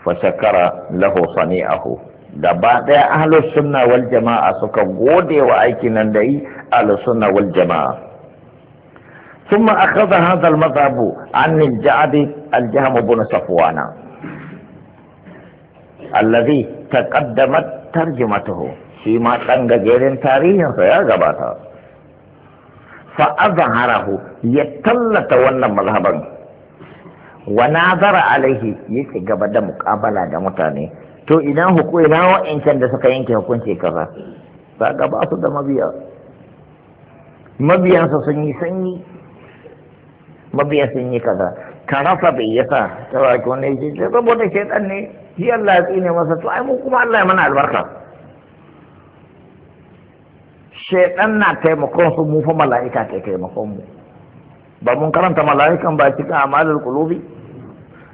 fa shakara lahu sani'ahu gaba ɗaya ahlus sunna wal jama'a suka gode wa aiki nan da yi ahlus sunna wal jama'a sun ma hanzar mazabu an ni ja'adi aljiha mabuna safuwana allazi ta kaddamar tarjimatahu shi ma ɗan gajerin tarihinsa ya gabata fa'aza harahu ya tallata wannan mazhaban wa nazara alaihi yake gaba da mukabala da mutane to idan hukumi na wa'incan da suka yanke hukunci kaza ga ba su da mabiya mabiyansa sun yi sanyi mabiya sun yi kaza ka rasa bai yasa ta ba ki wannan yace saboda shaytan ne shi Allah ya tsine masa to ai mu kuma Allah ya mana albarka shaitan na taimakon su mu fa mala'ika ke taimakon mu ba mun karanta mala'ikan ba cikin amalul qulubi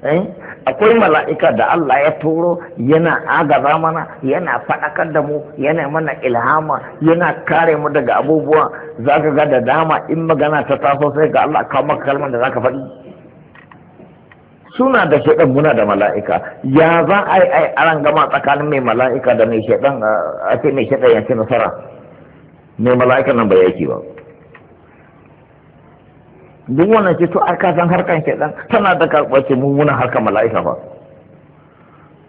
eh akwai mala'ika da Allah ya turo yana agaza mana yana faɗakar da mu yana mana ilhama yana kare mu daga abubuwa za ka ga da dama in magana ta taso sai ga Allah kawo maka kalmar da za ka faɗi suna da shaɗan muna da mala'ika ya za a yi aran gama tsakanin mai mala'ika da mai shaɗan a ce mai shaɗan ya nasara mai mala'ika nan ba yaki ba duk wannan ce to ai ka san harkan dan tana da karɓace mummunan harkan mala'ika fa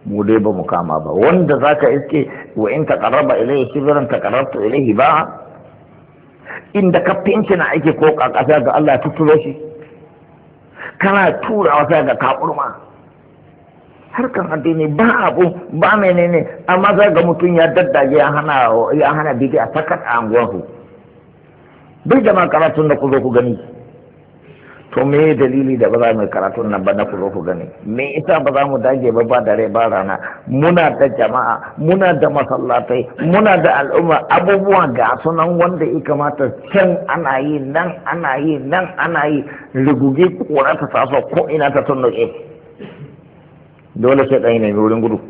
mu dai ba mu kama ba wanda zaka iske wa in taqarraba ilayhi shibran taqarrabtu ilayhi ba inda ka pinci na aiki ko kakasa ga Allah tuturo shi kana tura wasa ga kaburma harkan addini ba abu ba menene amma za ga mutum ya daddage ya hana ya hana bidi a sakat a bai duk jama'a karatun da ku zo ku gani to me dalili da ba za mu karatu nan ba na ku zo ku gani me ita ba za mu dage ba ba dare ba rana muna da jama'a muna da masallatai muna da al'umma abubuwa ga sunan wanda ya kamata can ana yi nan ana yi nan ana yi riguge kora ta taso ko ina ta tunnuke dole sai dai ne wurin gudu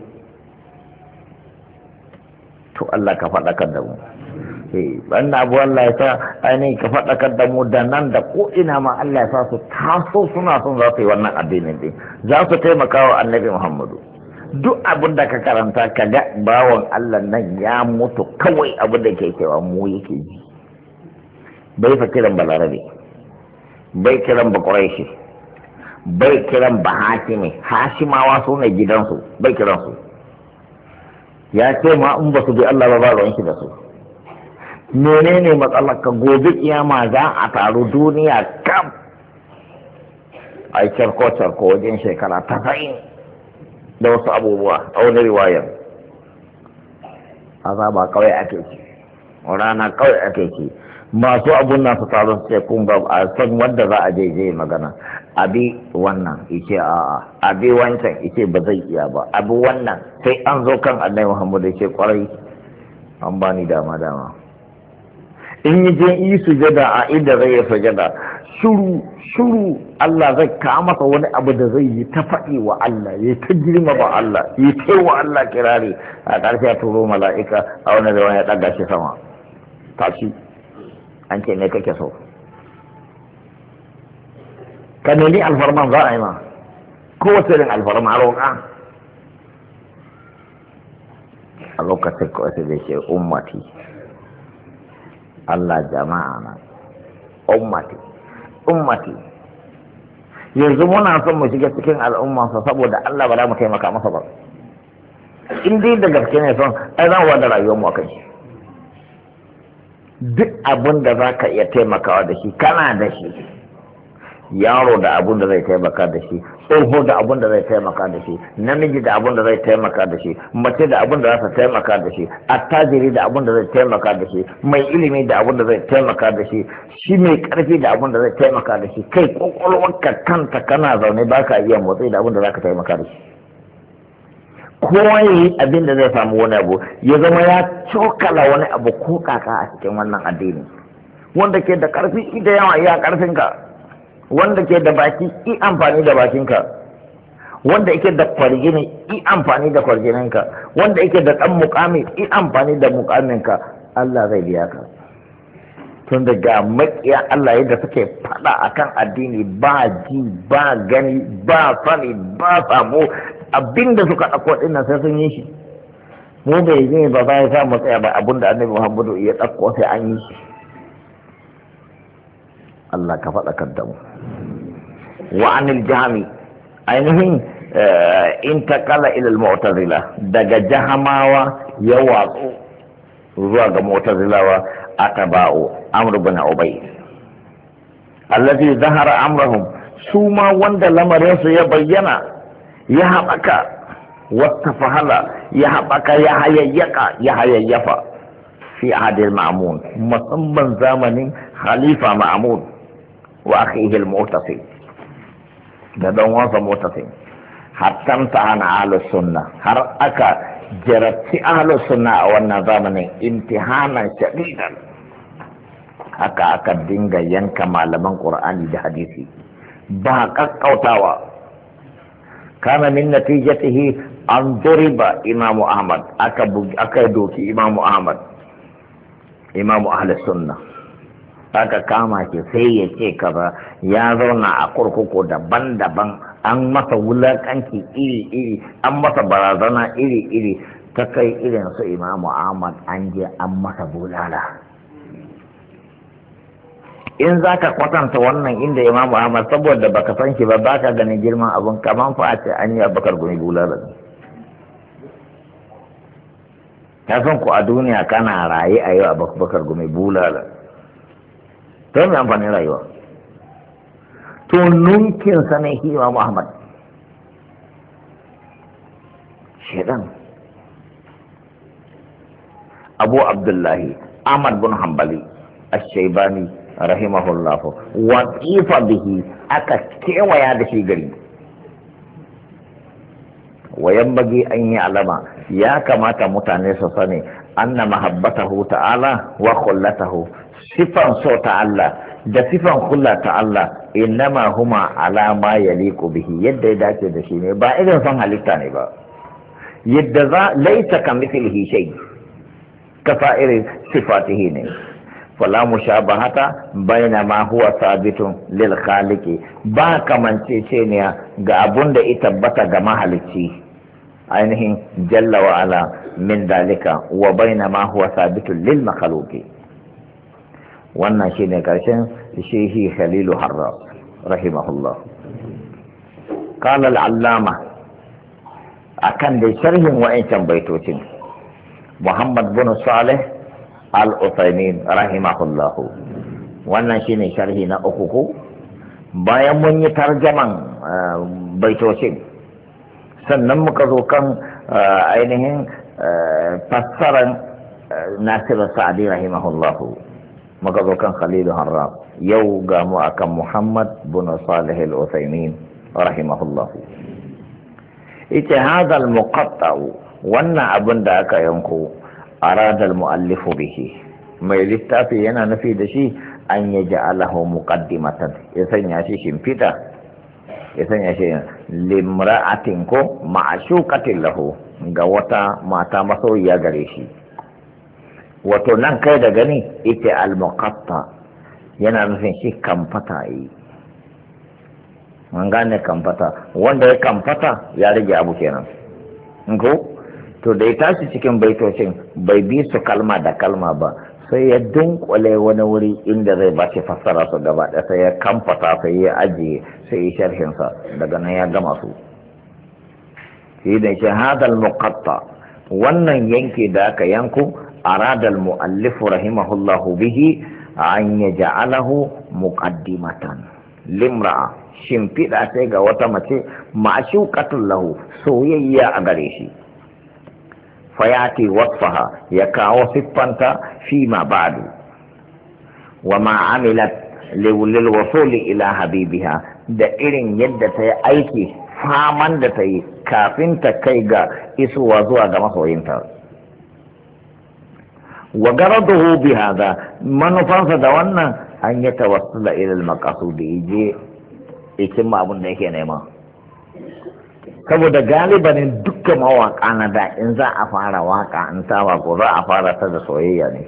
to Allah ka faɗa kan da mu ce eh, wannan abu Allah ya sa ainihin ka faɗakar da mu da nan da ko ina ma Allah ya sa su taso suna son za su yi wannan addinin din za su taimaka wa annabi Muhammadu duk abin da ka karanta ka ga bawan Allah nan ya mutu kawai abin da ke cewa mu yake ji bai fa kiran balarabe bai kiran ba bai kiran ba hashimi hashimawa su ne gidansu bai kiransu ya ce ma in ba su bi Allah ba ba ruwan shi da su menene matsalar ka gobe kiyama za a taru duniya kam a yi charko wajen shekara ta da wasu abubuwa a wani riwayar azaba kawai ake ci rana kawai ake ci masu abun nasu taru su ce kun ba a san wanda za a je magana abi wannan ice a'a abi wancan ice ba zai iya ba abi wannan sai an zo kan annai Muhammadu ya ce kwarai an bani dama dama in yi je yi jada a inda zai yi sujada shuru shuru Allah zai kawo masa wani abu da zai yi ta faɗi wa Allah ya ta girma ba Allah ya ta wa Allah kirari a ƙarshe ya turo mala'ika a wani da ya ɗaga shi sama tashi an ce ne kake so ka nemi alfarman za a yi ma kowace irin alfarma a roƙa a lokacin kawai sai zai ce ummati Allah jama'a na ummati ummati yanzu muna son mu shiga cikin al'umma sa saboda Allah ba za mu taimaka masa ba in dai da gaske ne son ai za mu wanda rayuwar mu akan duk abin da za ka iya taimakawa da shi kana da shi yaro da abun da zai taimaka da shi tsoho da abun da zai taimaka da shi namiji da abun da zai taimaka da shi mace da abun da za taimaka da shi attajiri da abun da zai taimaka da shi mai ilimi da abun da zai taimaka da shi shi mai karfi da abun da zai taimaka da shi kai kwakwalwarka kanta kana zaune ba ka iya motsi da abun da za ka taimaka da shi kowa ya yi abin da zai samu wani abu ya zama ya cokala wani abu ko kaka a cikin wannan addini wanda ke da karfi ita yawa iya karfinka wanda ke da baki i amfani da bakinka wanda yake da kwargini i amfani da kwargininka wanda yake da dan mukami i amfani da mukaminka Allah zai biya ka tun ga makiya Allah yadda suke fada akan addini ba ji ba gani ba sani ba samu abinda suka ɗauko dinnan sai sun yi shi mu bai yi ba ba ya samu tsaya ba abinda annabi Muhammadu ya ɗauko sai an yi shi Allah ka faɗa kan وعن الجهم أينه آه، انتقل إلى المعتزلة دقى جهما يواق زواق معتزلة أتباع أمر بن أبي الذي ظهر أمرهم سوما وند لما رأس يبينا يحبك واتفهلا يحبك يحيا يقا يحيا يفا في عهد المعمون مصمم زمن خليفة معمون وأخيه المعتصم da dan wasa mota sai ana ahlus sunna har aka jarabci ahlus sunna a wannan zamanin imtihanan shadidan haka aka dinga yanka malaman qur'ani da hadisi ba kakkautawa kana min natijatihi an duriba imamu ahmad aka aka doki imamu ahmad imamu ahlus sunna aka kama shi sai ya ce kaza ya zauna a kurkuku daban-daban an masa wulakanci iri-iri an masa barazana iri-iri ta kai irin su imamu ahmad an je an masa bulala in za ka kwatanta wannan inda imamu ahmad saboda baka san shi ba baka ganin girman abun kaman fa a ce an yi abakar gumi bulala ne ta san ku a duniya kana raye a yau abakar gumi bulala sai mai amfanin rayuwa to nunkin sa ne hiwa Muhammad shedan Abu Abdullahi Ahmad bin Hanbali Ash-Shaybani rahimahullah wa qifa bihi aka kewaya da shi gari wayan bagi an yi alama ya kamata mutane su sani anna mahabbatahu ta'ala wa khullatahu sifan so ta Allah da sifan kula ta Allah innama huma alama ya liku bihi yadda ya dace da shi ne ba irin son halitta ne ba yadda za laita ka mithlihi shay ka fa'irin sifatihi ne fala mushabahata baina ma huwa sabitun lil khaliqi ba kamance ne ga abun da ya tabbata ga mahalicci ainihin jalla wa ala min dalika wa baina ma huwa sabitun lil makhluqi wannan shi ne ƙarshen shehi khalilu harra rahimahullah kalal allama a kan dai sharhin wa'ancan baitocin muhammad bin salih al-usaimin rahimahullahu wannan shi ne sharhi na uku ko bayan mun yi tarjaman eh, baitocin sannan muka zo kan eh, ainihin eh, fassarar nasiru sa'adi rahimahullahu muka zo kan khalilu harram yau ga mu akan muhammad bin salih al-usaimin rahimahullah ita hadha al wannan abin da aka yanko aradal mu muallifu bihi mai littafi yana nufi da shi an yaj'alahu muqaddimatan ya sanya shi shimfita ya sanya shi limra'atin ko ma'ashuqatin lahu ga wata mata masoyiya gare shi wato nan kai da gani ita al-muqatta yana nufin shi kamfata yi an gane kamfata wanda ya kamfata ya rage abu kenan ko to da ya tashi cikin baitocin bai bi su kalma da kalma ba sai ya dunkule wani wuri inda zai ba shi fassara su gaba da sai ya kamfata sai ya ajiye sai ya sharhinsa daga nan ya gama su shi da shi hadal muqatta wannan yanke da aka yanku أراد المؤلف رحمه الله به أن يجعله مقدمة لامرأة shimfiɗa sai ga wata mace ma'ashukatun lahu soyayya a gare shi fayati wasfaha ya kawo siffanta fi ma ba'du wa ma amilat lil wasuli ila habibiha da irin yadda ta yi aiki faman da ta yi kafin ta kai ga isowa zuwa ga masoyinta wa garadahu bi hada manufansa da wannan an ya tawassula ila al-maqasud yaje yakin ma abun da yake nema saboda galibanin dukka mawaka na da in za a fara waka in ta ko za a fara ta da soyayya ne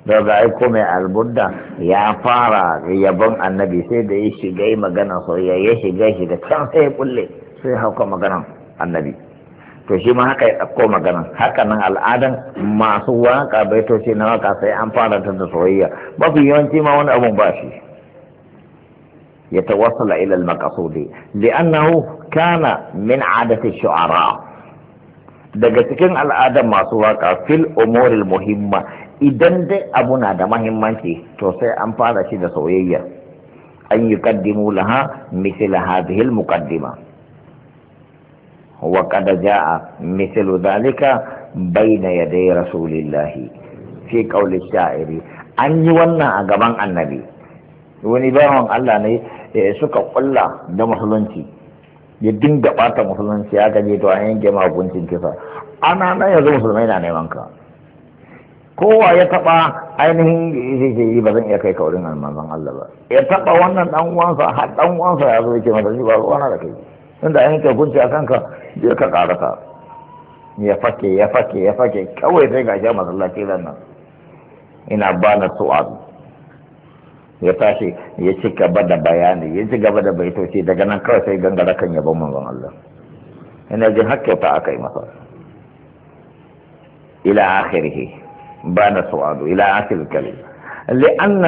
Da daga aiko mai albudda ya fara yabon annabi sai da ya shiga magana soyayya ya shiga shiga can sai ya kulle sai hauka maganan annabi to shi ma haka ya ɗauko magana haka nan al'adan masu waka shi na waka sai an fara ta da soyayya mafi yawanci ma wani abun ba shi ya tawassala ila al-maqsudi li'annahu kana min adati shu'ara daga cikin al'adan masu waka fil umuril muhimma idan dai abu na da muhimmanci to sai an fara shi da soyayya an yuqaddimu laha mithla hadhihi al-muqaddimah وقد جاء مثل ذلك بين يدي رسول الله fi قول الشاعر an yi wannan a gaban annabi wani bawan Allah ne eh, suka kulla da musulunci ya dinga bata musulunci ya gaje to an yanke maguncin kisa ana nan yanzu musulmai na neman ka kowa ya taba ainihin yi eh, eh, ba zan iya kai kaurin almanzan Allah ba ya taba wannan dan uwansa har dan uwansa ya zo yake masa shi ba na da kai tunda an yanke hukunci a kanka je ka karata ya fake ya fake ya fake kawai sai ga shi masallaci ran nan ina bana su'adu ya tashi ya ci gaba da bayani ya ci gaba da baitoci daga nan kawai sai gangara kan yabon manzon Allah ina jin hakkyauta aka yi masa ila akhirih bana su'adu ila akhir kalima لأن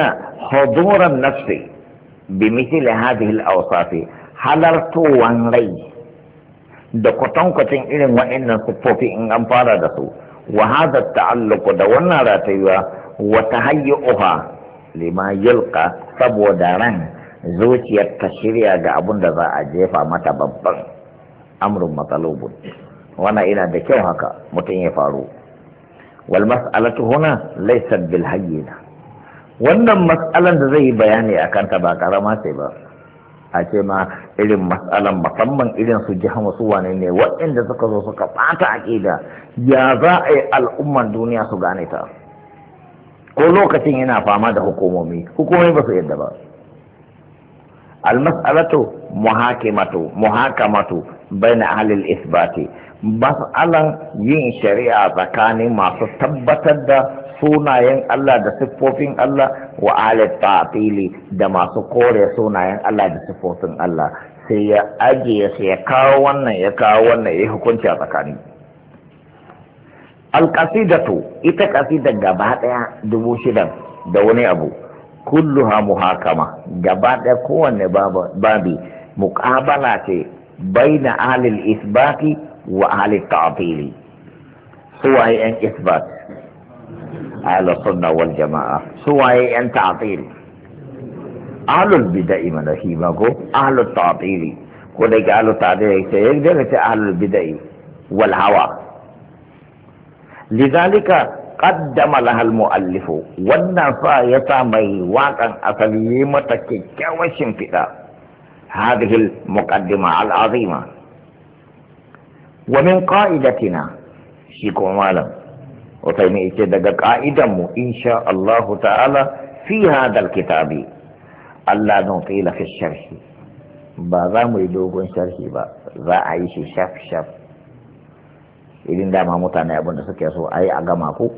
حضور النفس بمثل هذه الأوصاف حضرت وان ري da kwatankwacin irin wa'annan siffofi in an fara da su wa hada ta'alluqu da wannan ratayuwa wa tahayyuha lima yalqa saboda ran zuciyar ta shirya ga abun da za a jefa mata babban amrun matsalobin Wana ina da kyau haka mutum ya faru wal mas'alatu huna laysat bil hayyina wannan mas'alan da zai yi bayani akan ta ba karama sai ba a ce ma irin matsalan musamman irin su jiha wasu wane ne waɗanda suka zo suka ɓata aƙida ya za a yi al'umman duniya su gane ta ko lokacin yana fama da hukumomi hukumomi ba su yadda ba almas'alatu muhakimatu muhakamatu baina ahli halin isbati mas'alan yin shari'a tsakanin masu tabbatar da sunayen Allah da siffofin Allah wa alif ta'tili da masu kore sunayen Allah da siffofin Allah sai ya ajiye sai ya kawo wannan ya kawo wannan ya hukunci a tsakani alƙasidatu ita ƙasidar gaba ɗaya dubu shidan da wani abu kulluha muhakama gaba ɗaya kowanne babi muƙabala ce baina ahlil isbati wa ahlil ta'tili suwaye yan isbat أهل السنة والجماعة سواء أن تعطيل أهل البدع منهيمكو أهل التعطيل ولك أهل التعطيل يقدر أهل البدع والهوى لذلك قدم لها المؤلف والنفا يتامي واقعا أصليمة كيكاوش فيها هذه المقدمة العظيمة ومن قائدتنا شيكو مالا wata ne ce daga ka'idanmu insha Allah ta'ala fi hadal kitabi Allah don tsila fi sharhi ba za mu yi dogon sharhi ba za a yi shi shaf shaf Idan dama mutane abin da suke so a yi a gama ku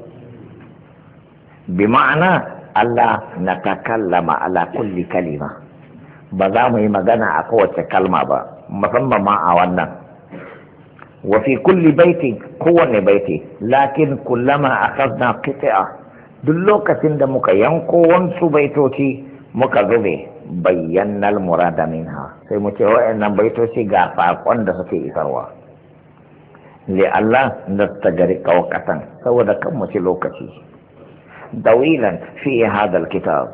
bi ma'ana Allah na kallama ala kulli kalima ba za mu yi magana a kowace kalma ba musamman ma a wannan Wafi kulli baiti, kowane baiti lakin kullama na qit'a duk lokacin da muka yanko wansu baitoci muka zube bayyana murada ha. sai mu ce wa'annan baitoci ga fakon da suke isarwa li Allah gari kawkatan saboda kan mu ci lokaci dawilan fi hadal kitab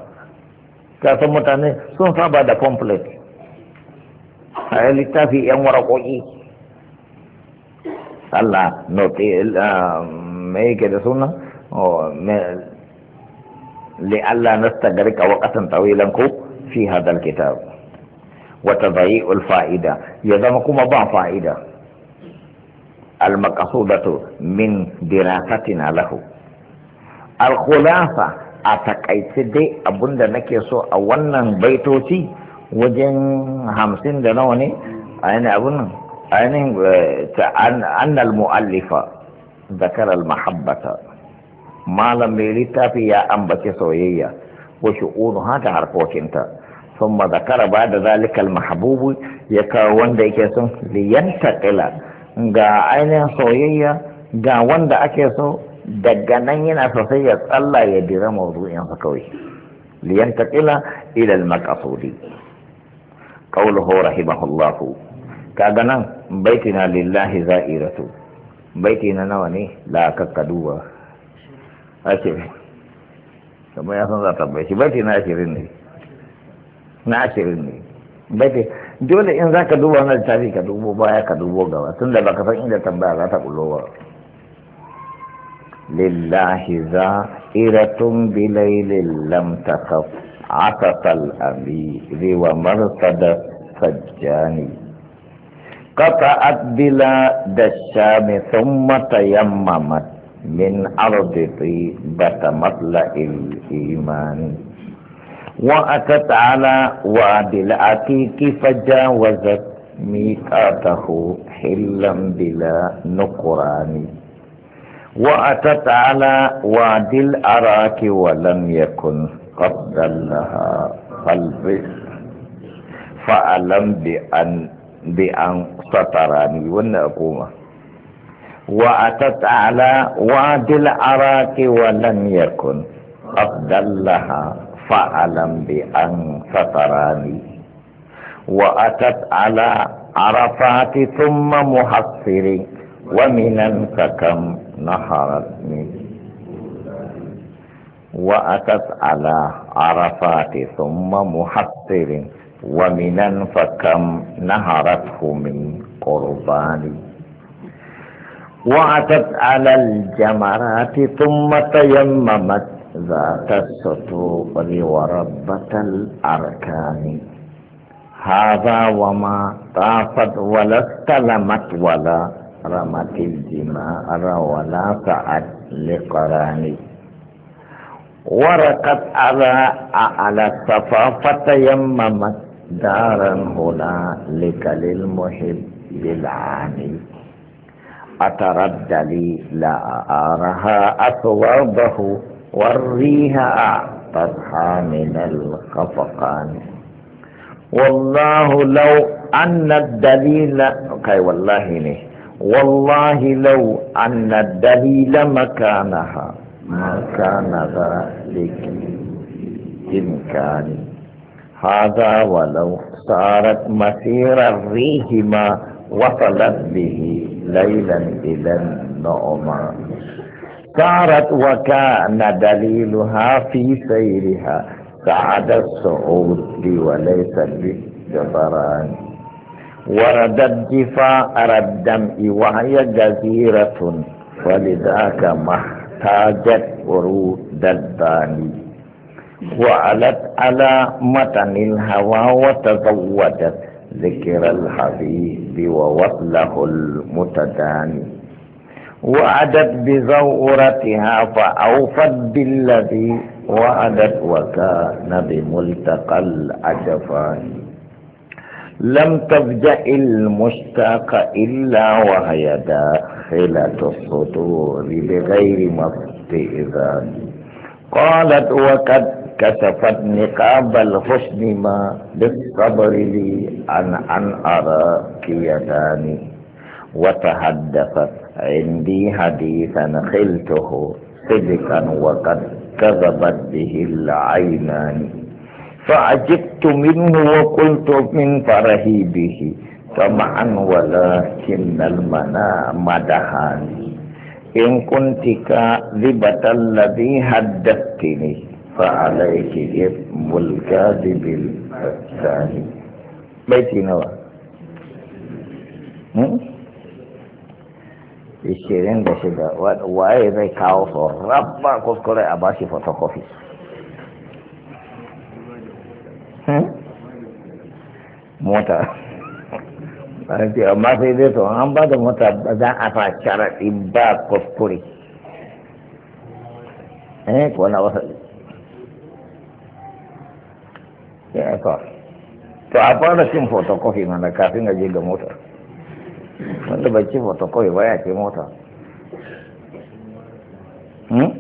kasan mutane sun saba da pamphlet a littafi yan warakoki Allah noti me yake da suna li Allah nastagarka waqatan tawilan ko fi hadal kitab wa tadayyi'ul fa'ida ya zama kuma ba fa'ida al maqsudatu min dirasatina lahu al khulafa a takaice dai abunda nake so a wannan baitoci wajen hamsin da nawa ne a yana abun nan ainihin ta mu'allifa zakarar mahabbata malam mai littafi ya ambace soyayya ko shi'unu hata harkokinta sun ma zakara ba da zalikal mahabubu ya kawo wanda yake sun liyanta ƙila ga ainihin soyayya ga wanda ake so daga nan yana sosai ya tsalla ya dira mawazu in sa kawai liyanta ƙila ilal maƙasudi ƙaulu hau rahimahullahu kaga nan baitina lillahi za'iratu baiti na nawa ne la kakka duba ashirin kamar ya san za ta bai shi baiti na ashirin ne na ashirin ne baiti dole in za ka duba wannan littafi ka dubo baya ka dubo gaba tun da baka san inda tambaya za ta bullo ba lillahi za'iratun bilailin lam takaf عطف riwa ذي da fajjani قطعت بلا دشام ثم تيممت من أرض طيبة مطلع الإيمان وأتت على وعد العتيق فجاوزت ميقاته حلا بلا نقران وأتت على وعد الأراك ولم يكن قد لها فالبس فألم بأن bi an satarani wannan akoma وأتت على واد العراق ولم يكن أفضل لها فألم بأن سطراني وأتت على عرفات ثم محصر ومن فكم نحرتني وأتت على عرفات ثم محصر ومن فكم نهرته من قربان وأتت على الجمرات ثم تيممت ذات السطور وربة الأركان هذا وما طافت ولا استلمت ولا رمت الجمار ولا سعت لقران ورقت على أعلى الصفا فتيممت دارا هنا لك للمحب للعاني أتردد لي لا أرها أثوابه والريها أعطتها من الخفقان والله لو أن الدليل كي والله نه والله لو أن الدليل مكانها ما كان ذلك إمكاني هذا ولو صارت مسير الريح ما وصلت به ليلا إلى النعمة صارت وكان دليلها في سيرها سعد الصعود وليس بالجبران وردت جفاء الدمع وهي جزيرة ولذاك ما احتاجت ورود الداني وعلت على متن الهوى وتزودت ذكر الحبيب ووصله المتداني وعدت بزورتها فأوفت بالذي وعدت وكان بملتقى العجفان لم تفجأ المشتاق إلا وهي داخلة الصدور بغير مصد إذان قالت وقد كشفت نقاب الحسن ما بالصبر لي عن أن أرى كيتاني وتحدثت عندي حديثا خلته صدقا وقد كذبت به العينان فعجبت منه وقلت من فرحي به طمعا ولكن المنى مدحاني إن كنت كاذبة الذي حدثتني فعليك إثم الكاذب الثاني بيتي نوى ishirin da shida waye zai kawo su rabba kuskure a bashi photocopy mota amma sai zai to an ba da mota ba za a fa ba kuskure eh ko na wasa ya to to a fara cin photocopy mana kafin a je ga mota wanda bai ci photocopy ba ya ce mota hmm?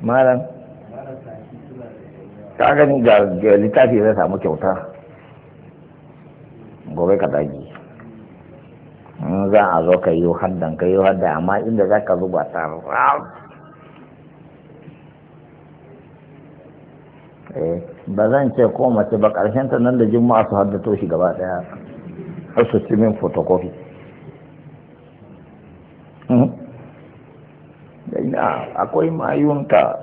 malam ta gani ga littafi zai samu kyauta gobe ka dagi in za a zo ka yi haddan ka yi hadda amma inda za ka zuba ta eh ba zan ce ko mace ba ƙarshen ta nan da juma'a su haddato shi gaba ɗaya har su ci min photocopy da hmm. ina akwai mayunta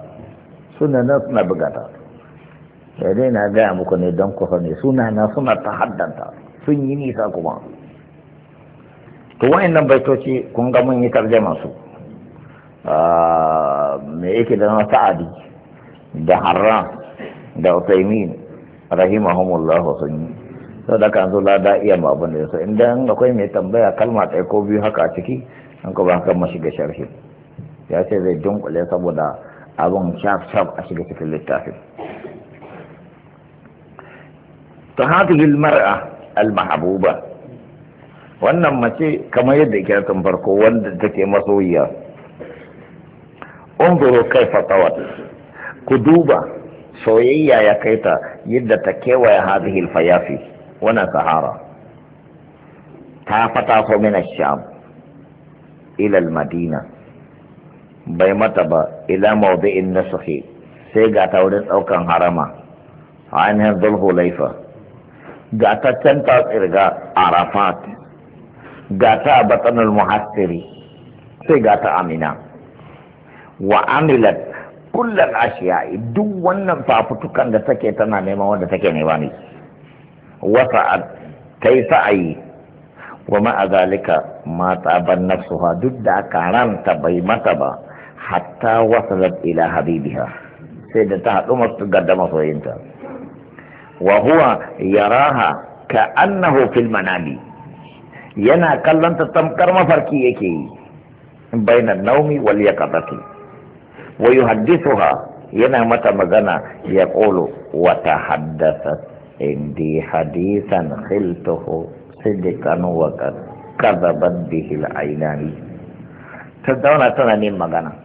suna na suna bugata sai dai na gaya muku ne don kusa ne suna na suna ta haddanta sun yi nisa kuma to wa'annan baitoci kun ga mun yi masu su ah, me yake da na sa'adi da haram da Utaimin rahimahumullahu sun yi sau da kan zula da iya ma da yasa so akwai mai tambaya kalma ɗaya ko biyu haka a ciki an ba haka mashi shiga sharhi ya ce zai dunkule saboda abin shaf shaf a shiga cikin littafin ta hadihi mar'a al mahabuba wannan mace kamar yadda ke tun farko wanda take masoyiya unzuru kaifa ku duba soyayya ya kai ta yadda ta kewaye hadhihi fayafi wannan sahara ta fata ko min sham ila madina bai mata ba ila mawdi'in nasuhi sai ga ta wurin daukan harama ainihin zulhulaifa ga ta can ta tsirga arafat ga ta batsanar muhassiri sai ga ta amina wa amilat kullal ashiya duk wannan fafutukan da take tana neman wanda take nema ne ta yi sa'ayi wa ma'azalika zalika ma taban nafsuha duk da karanta bai mata ba hatta wasalat ila habibiha sai da ta haɗu masu gadda masoyinta wa huwa yaraha ka annahu fil manami yana kallon ta tamkar mafarki yake yi bainan naumi wal yaqadati wa yuhaddithuha yana mata magana ya qulu Wata haddasa. indi hadisan khiltuhu sidqan wa kadhabat bihi al-aynani ta zauna tana yin magana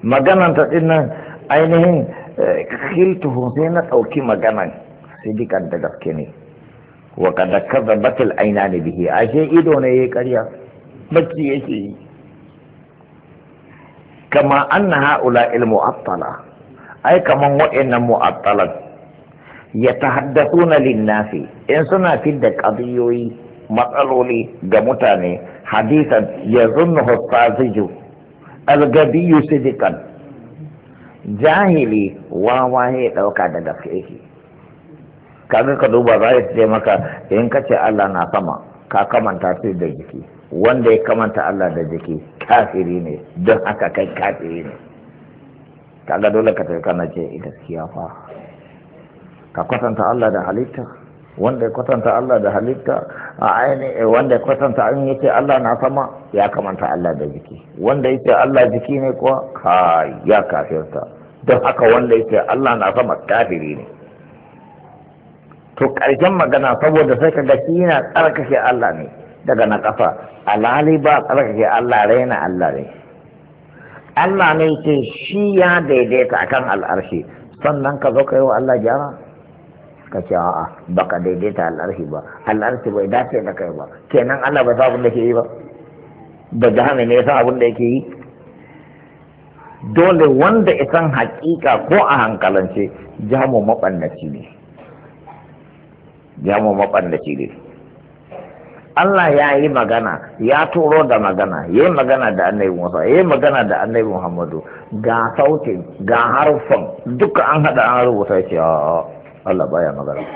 maganan ta dinnan ainihin khiltuhu sai na ɗauki maganan sidikan da gaske ne wa kada kadhabat al-aynani bihi ashe ido ne yayi ƙarya bacci yake yi kama anna haula ilmu attala ai kama wa'annan mu'attalan yatahaddathuna lin linnasi in suna fidda qadiyoyi matsaloli ga mutane hadisan yazunnuhu fasiju al-gabiyyu sidiqan jahili wawa ya dauka da gaske kaga ka duba za ya ce maka in ka ce Allah na sama ka kamanta shi da jiki wanda ya kamanta Allah da jiki kafiri ne don haka kai kafiri ne kaga dole ka tafi kana ce eh, gaskiya fa ka kwatanta Allah da halitta wanda ya kwatanta Allah da halitta a aini eh, wanda ya kwatanta an yace Allah na sama ya kamanta Allah da jiki wanda yace Allah jiki ne kuwa ka ya kafirta don haka wanda yace Allah na sama kafiri ne to karshen magana saboda sai ka ga shi yana tsarkake Allah ne daga na ƙafa alhali ba tsarkake Allah raina Allah ne Allah ne ke shi ya daidaita akan al'arshi sannan ka zo ka yi wa Allah gyara ka ce a'a ba ka daidaita al'arshi ba al'arshi bai dace da kai ba kenan Allah bai sa abin da ke yi ba da jahannam ne ya san abin da yake yi dole wanda isan hakika ko a hankalance jamu maɓannaci ne jamu maɓannaci ne Allah ya yi magana ya turo da magana ya yi magana da annabi Musa ya yi magana da annabi Muhammadu ga sautin ga harfan duka an haɗa an rubuta ce Allah baya magana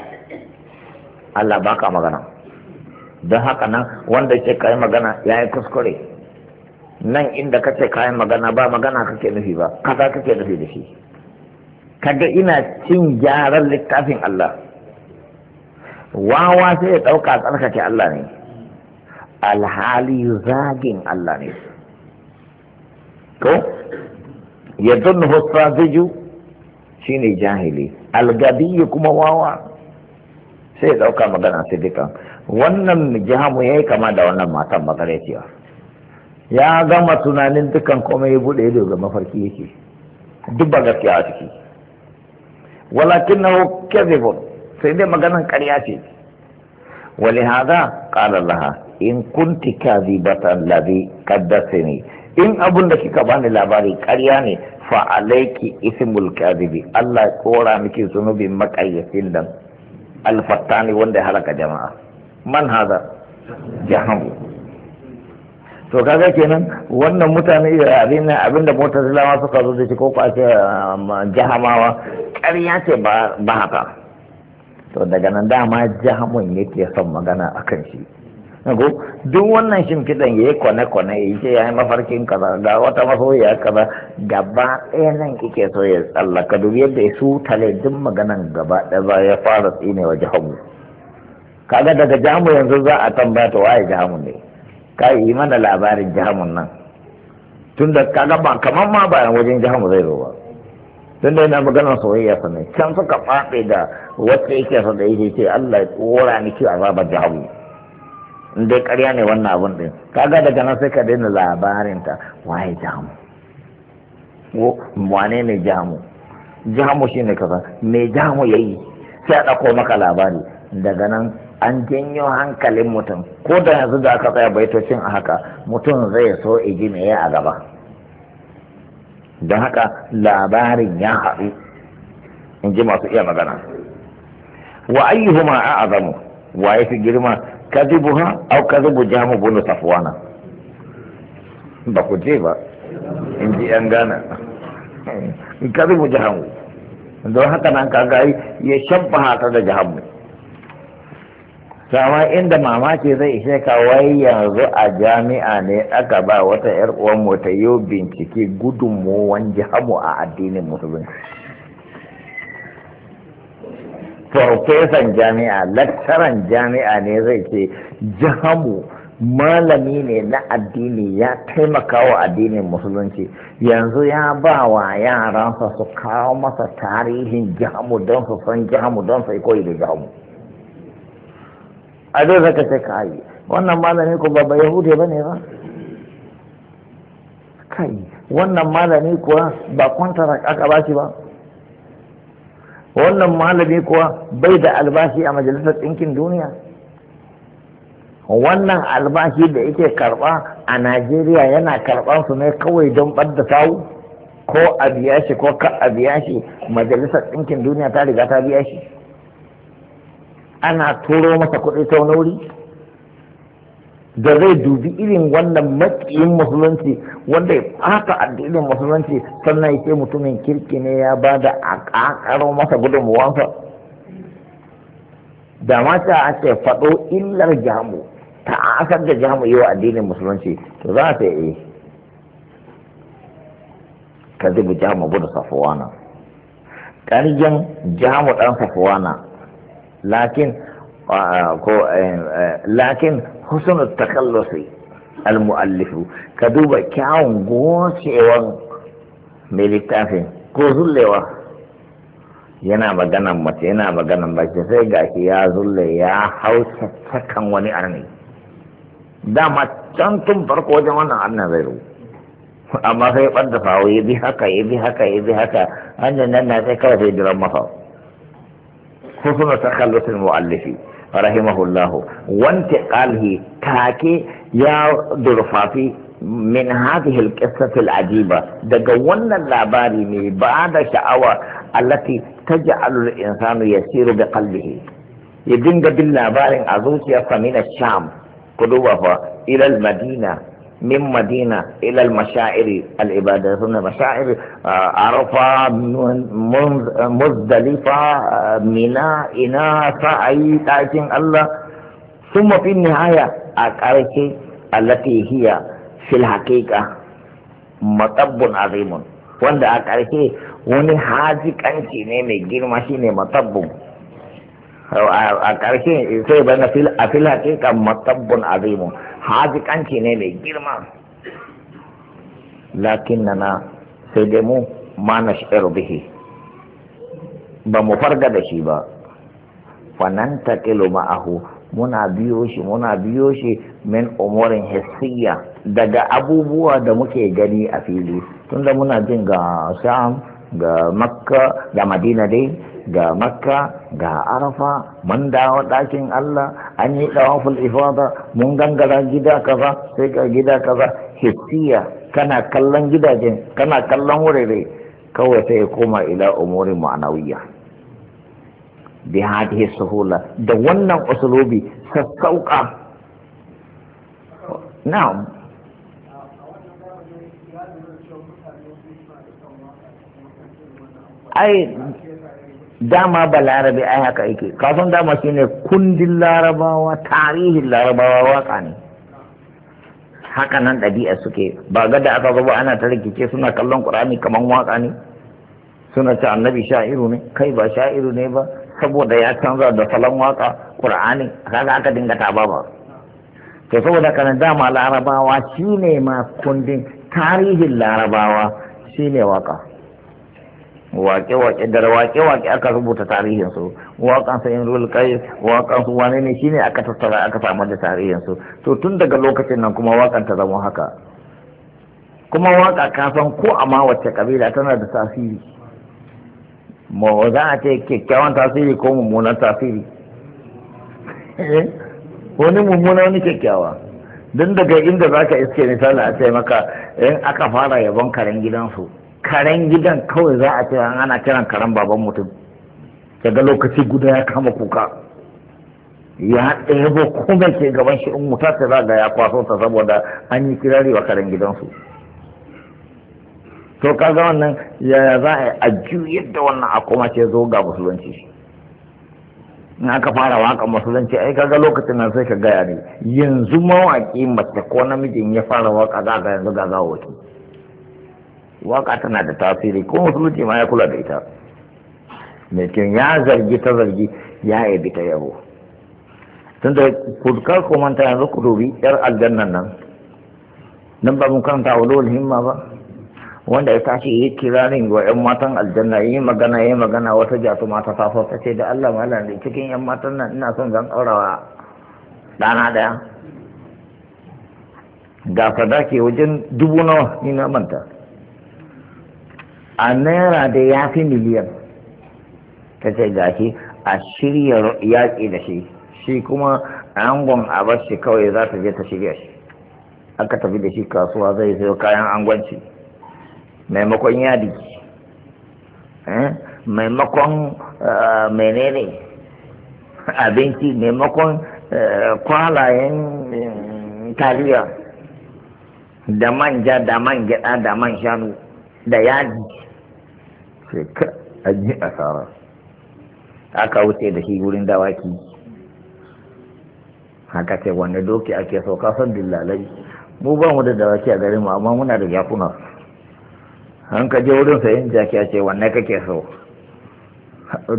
Allah baka magana don haka nan wanda ke kayi magana ya yi kuskure nan inda ka ce kayan magana ba magana kake nufi ba kaza kake nufi da shi kaga ina cin gyaran littafin Allah wawa sai ya ɗauka tsarkake Allah ne alhali zagin Allah ne ko ya dunhu saziju shine jahili algabi kuma wawa sai ya dauka magana sai duka wannan jihamu ya yi kama da wannan matan makareciya ya gama tunanin dukan komai ya bude ido ga mafarki yake duk ba gaskiya a ciki walakin na sai dai maganan karya ce wali hada ƙalar laha in kunti Kazi kadhibatan ladhi ne in abun da kika bani labari karya ne fa alayki ismul kadhibi Allah kora miki zunubin makayyacin dan alfattani wanda ya halaka jama'a man hada to kaga kenan wannan mutane abin abinda motar islama suka zo da shi ko kwace um, jahamawa ƙarya ce ba haka to daga nan dama jahamun yake son magana akan shi ko duk wannan shimfiɗan ya yi kwane-kwane ya yi ce ya yi mafarkin kaza ga wata masoya kaza gaba ɗaya nan kike so ya tsallaka duk yadda ya su tale duk maganan gaba ɗaya ya fara tsine wa jihamu kaga daga jamu yanzu za a tambaya ta waye jamu ne ka yi mana labarin jamun nan tun da kaga ba kamar ma bayan wajen jamu zai zo ba tun da yana maganar soyayya sa ne can suka fafe da wacce yake so da yake ce Allah ya tsora ni ki azabar jamu in dai karya ne wannan abun din kaga daga nan sai ka daina labarinta waye jamu wane ne jamu jamu shine kaza me jamu yayi sai a ɗauko maka labari daga nan an janyo hankalin mutum ko da yanzu da aka tsaya baitocin a haka mutum zai so ji me ya a gaba don haka labarin ya haɗu in ji masu iya magana wa ayyuhuma a azamu wa ya fi girma kadibuha au kadibu jamu bunu safwana ba ku je ba in kadibu jamu haka nan kaga ya shabba hata da jamu sama inda mamaki zai ishe ka wai yanzu a jami'a ne aka ba wata 'yar uwan mu ta yi bincike gudunmuwan jihamu a addinin musulunci farfesan jami'a lakcaran jami'a ne zai ce jihamu malami ne na addini ya taimaka wa addinin musulunci yanzu ya ba wa yaransa su kawo masa tarihin jihamu don su san jihamu don su koyi da jihamu a zai zaka ce ka yi wannan malami ko ba yahude ba ne ba kai wannan malami kuwa ba kwantar aka ba shi ba wannan malami kuwa bai da albashi a majalisar ɗinkin duniya wannan albashi da yake karɓa a najeriya yana karɓar su ne kawai don ɓadda sawu ko a biya shi ko ka a biya shi majalisar ɗinkin duniya ta riga ta biya shi ana turo masa kuɗi ta wani wuri da zai dubi irin wannan makiyin musulunci wanda ya fata addinin musulunci sannan ya ce mutumin kirki ne ya ba da a kakaro masa gudunmuwansa da mata a ce faɗo illar jamu ta asar da jamu yi wa addinin musulunci to za ta yi ka zubi jamu gudu safuwana ƙarjan jamu ɗan safuwana lakin ko eh, eh, lakin husnul takallusi almu'allifu ka duba kyawun gocewan mai littafin ko zullewa yana maganan mace yana magana mace sai ga shi ya zulle ya hau cakan wani arni dama can tun farko wajen wannan arna zai rubu amma sai ɓadda fawo ya bi haka ya bi haka ya bi haka hanyar nan na sai kawai sai jiran masa husnu takhallusil mu'allifi rahimahullahu wanti qalhi take ya durfafi min hadhihi alqissati alajiba daga wannan labari ne ba da sha'awa allati taj'alu al-insanu yasiru bi qalbihi ya dinga bin labarin a zuciyarsa min sham ku duba fa ila madina من مدينة إلى المشاعر العبادة ثم مشاعر آه، عرفة مزدلفة آه، ميناء إناء أي تاكين الله ثم في النهاية أكاركي التي هي في الحقيقة مطب عظيم وند أكاركي وني حاجك أنت نيمي جير مطب a ƙarshe ah, ah, sai bana a ah, filaki haƙiƙa matabbun azimu kanci ne mai girma lakin na sai dai mu ma na bihi ba mu farga da shi ba fanan ta ma'ahu muna biyo shi muna biyo shi min umurin hissiya daga abubuwa da muke gani a fili tunda muna jin ga sham ga makka da madina dai ga makka ga Arafa, mun dawo ɗakin allah an yi ɗawaful ifada mun gangara gida kaza sai ga gida kaza hissiya kana kallon gidajen kana kallon wurare kawai sai ya koma ila umuri ma'anawiyya bi hadhihi suhula da wannan usulubi sassauka na'am ai dama ba larabe ai haka yake kasan dama shine kundin larabawa tarihin larabawa waka ne haka nan ɗabi'a suke ba ga da aka gaba ana ta rikice suna kallon ƙur'ani kaman waka ne suna ce annabi sha'iru ne kai ba sha'iru ne ba saboda ya canza da salon waka qur'ani kaga aka dinga taba ba to saboda kana dama larabawa shine ma kundin tarihin larabawa shine waka wake-wake da wake-wake aka rubuta tarihin su wakan sa imrul kai wakan su wane ne shine aka tattara aka samar da tarihin su to tun daga lokacin nan kuma wakan ta zama haka kuma waka ka san ko a ma wacce kabila tana da tasiri mo za a ce kyakkyawan tasiri ko mummunan tasiri eh, wani mummuna wani kyakkyawa don daga inda za ka iske misali a ce maka in aka fara yabon karen gidansu karen gidan kawai za a ce ana kiran karen baban mutum daga lokaci guda ya kama kuka ya ɗaya komai ke gaban shi in mutar ta zaga ya kwaso ta saboda an yi kirari wa karen gidansu to kaga wannan yaya za a yi a juyar da wannan a kuma ce zo ga musulunci in aka fara waka musulunci ai kaga lokacin nan sai ka gaya ne yanzu mawaƙi mace ko namijin ya fara waka za ga yanzu ga gawo waka tana da tasiri ko musulunci ma ya kula da ita mai ya zargi ta zargi ya yabi ta yabo tunda kudkar komanta yanzu ku dubi yar aljannan nan nan ba mun karanta ulul himma ba wanda ya tashi yi kirarin wa yan matan aljanna yi magana yi magana wata jatu mata ta so ta ce da Allah malam ne cikin yan matan nan ina son zan aurawa ɗana daya ga sadaki wajen dubu nawa ni manta a naira da ya fi miliyan ta ce gashi a shirya yaƙi da shi shi kuma angon a bar shi kawai za ta je ta shirya shi aka tafi da shi kasuwa zai sayo kayan angonci maimakon yadi eh? maimakon eh, menene abinci maimakon eh, kwalayen taliya da manja da man gyada da man shanu da yadi. sai ka an yi asara aka wuce da shi wurin dawaki haka ce wanda doki ake so kasan dillalai mu ba mu da dawaki a garinmu amma muna da jakuna an ka je wurin in jaki a ce wanne kake so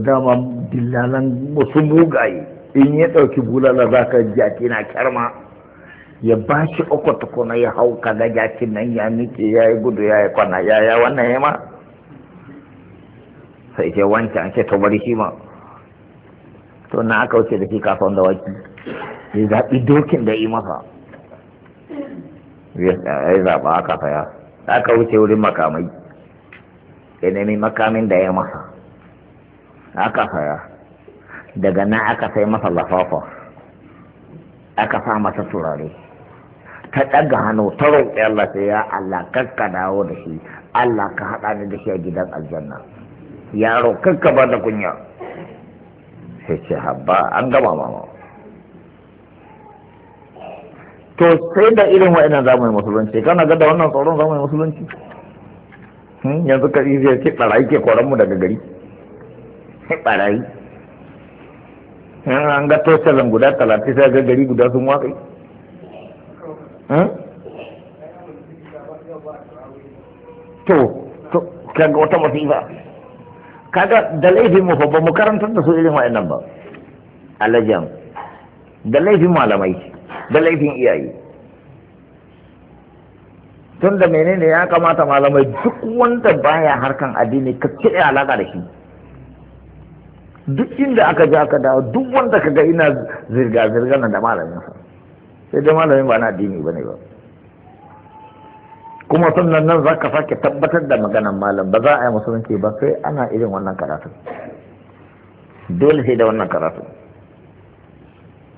dama dillalan musu mugaye in ya ɗauki bulala za ka jaki na kyarma ya ba shi uku tukuna ya hau da jakin nan ya nike ya yi gudu ya yi kwana ya ya wannan ya ma sai ce wancan ce to bari shi ma to na aka wuce da shi kafin waki ya zaɓi dokin da yi masa ya zaɓa aka faya aka wuce wurin makamai ya nemi makamin da ya masa aka faya daga nan aka sai masa lafafa aka sa masa turare ta ɗaga hannu ta roƙi Allah sai ya Allah kakka dawo da shi Allah ka haɗa ni da shi a gidan aljanna yaro kakka ba da kunya sai ce habba an gama mama to sai da irin wa'annan zamu yi musulunci kana ga da wannan tsoron zamu yi musulunci hmm, yanzu ka iya ce barayi ke koran mu daga gari barayi an ga tosalin guda talatin sai ga gari guda sun waƙi hmm? to to kaga wata masifa kaga da laifin mu fa ba mu karanta da su irin wa'annan ba alajan da laifin malamai da laifin iyaye tun da menene ya kamata malamai duk wanda baya harkan addini ka cire alaka da shi duk inda aka ji aka dawo duk wanda ka ga ina zirga-zirga na da malamin sai da malamin ba na addini ba, ne ba. kuma sannan nan za ka sake tabbatar da maganan malam ba za a yi musulunci ba sai ana irin wannan karatu dole sai da wannan karatu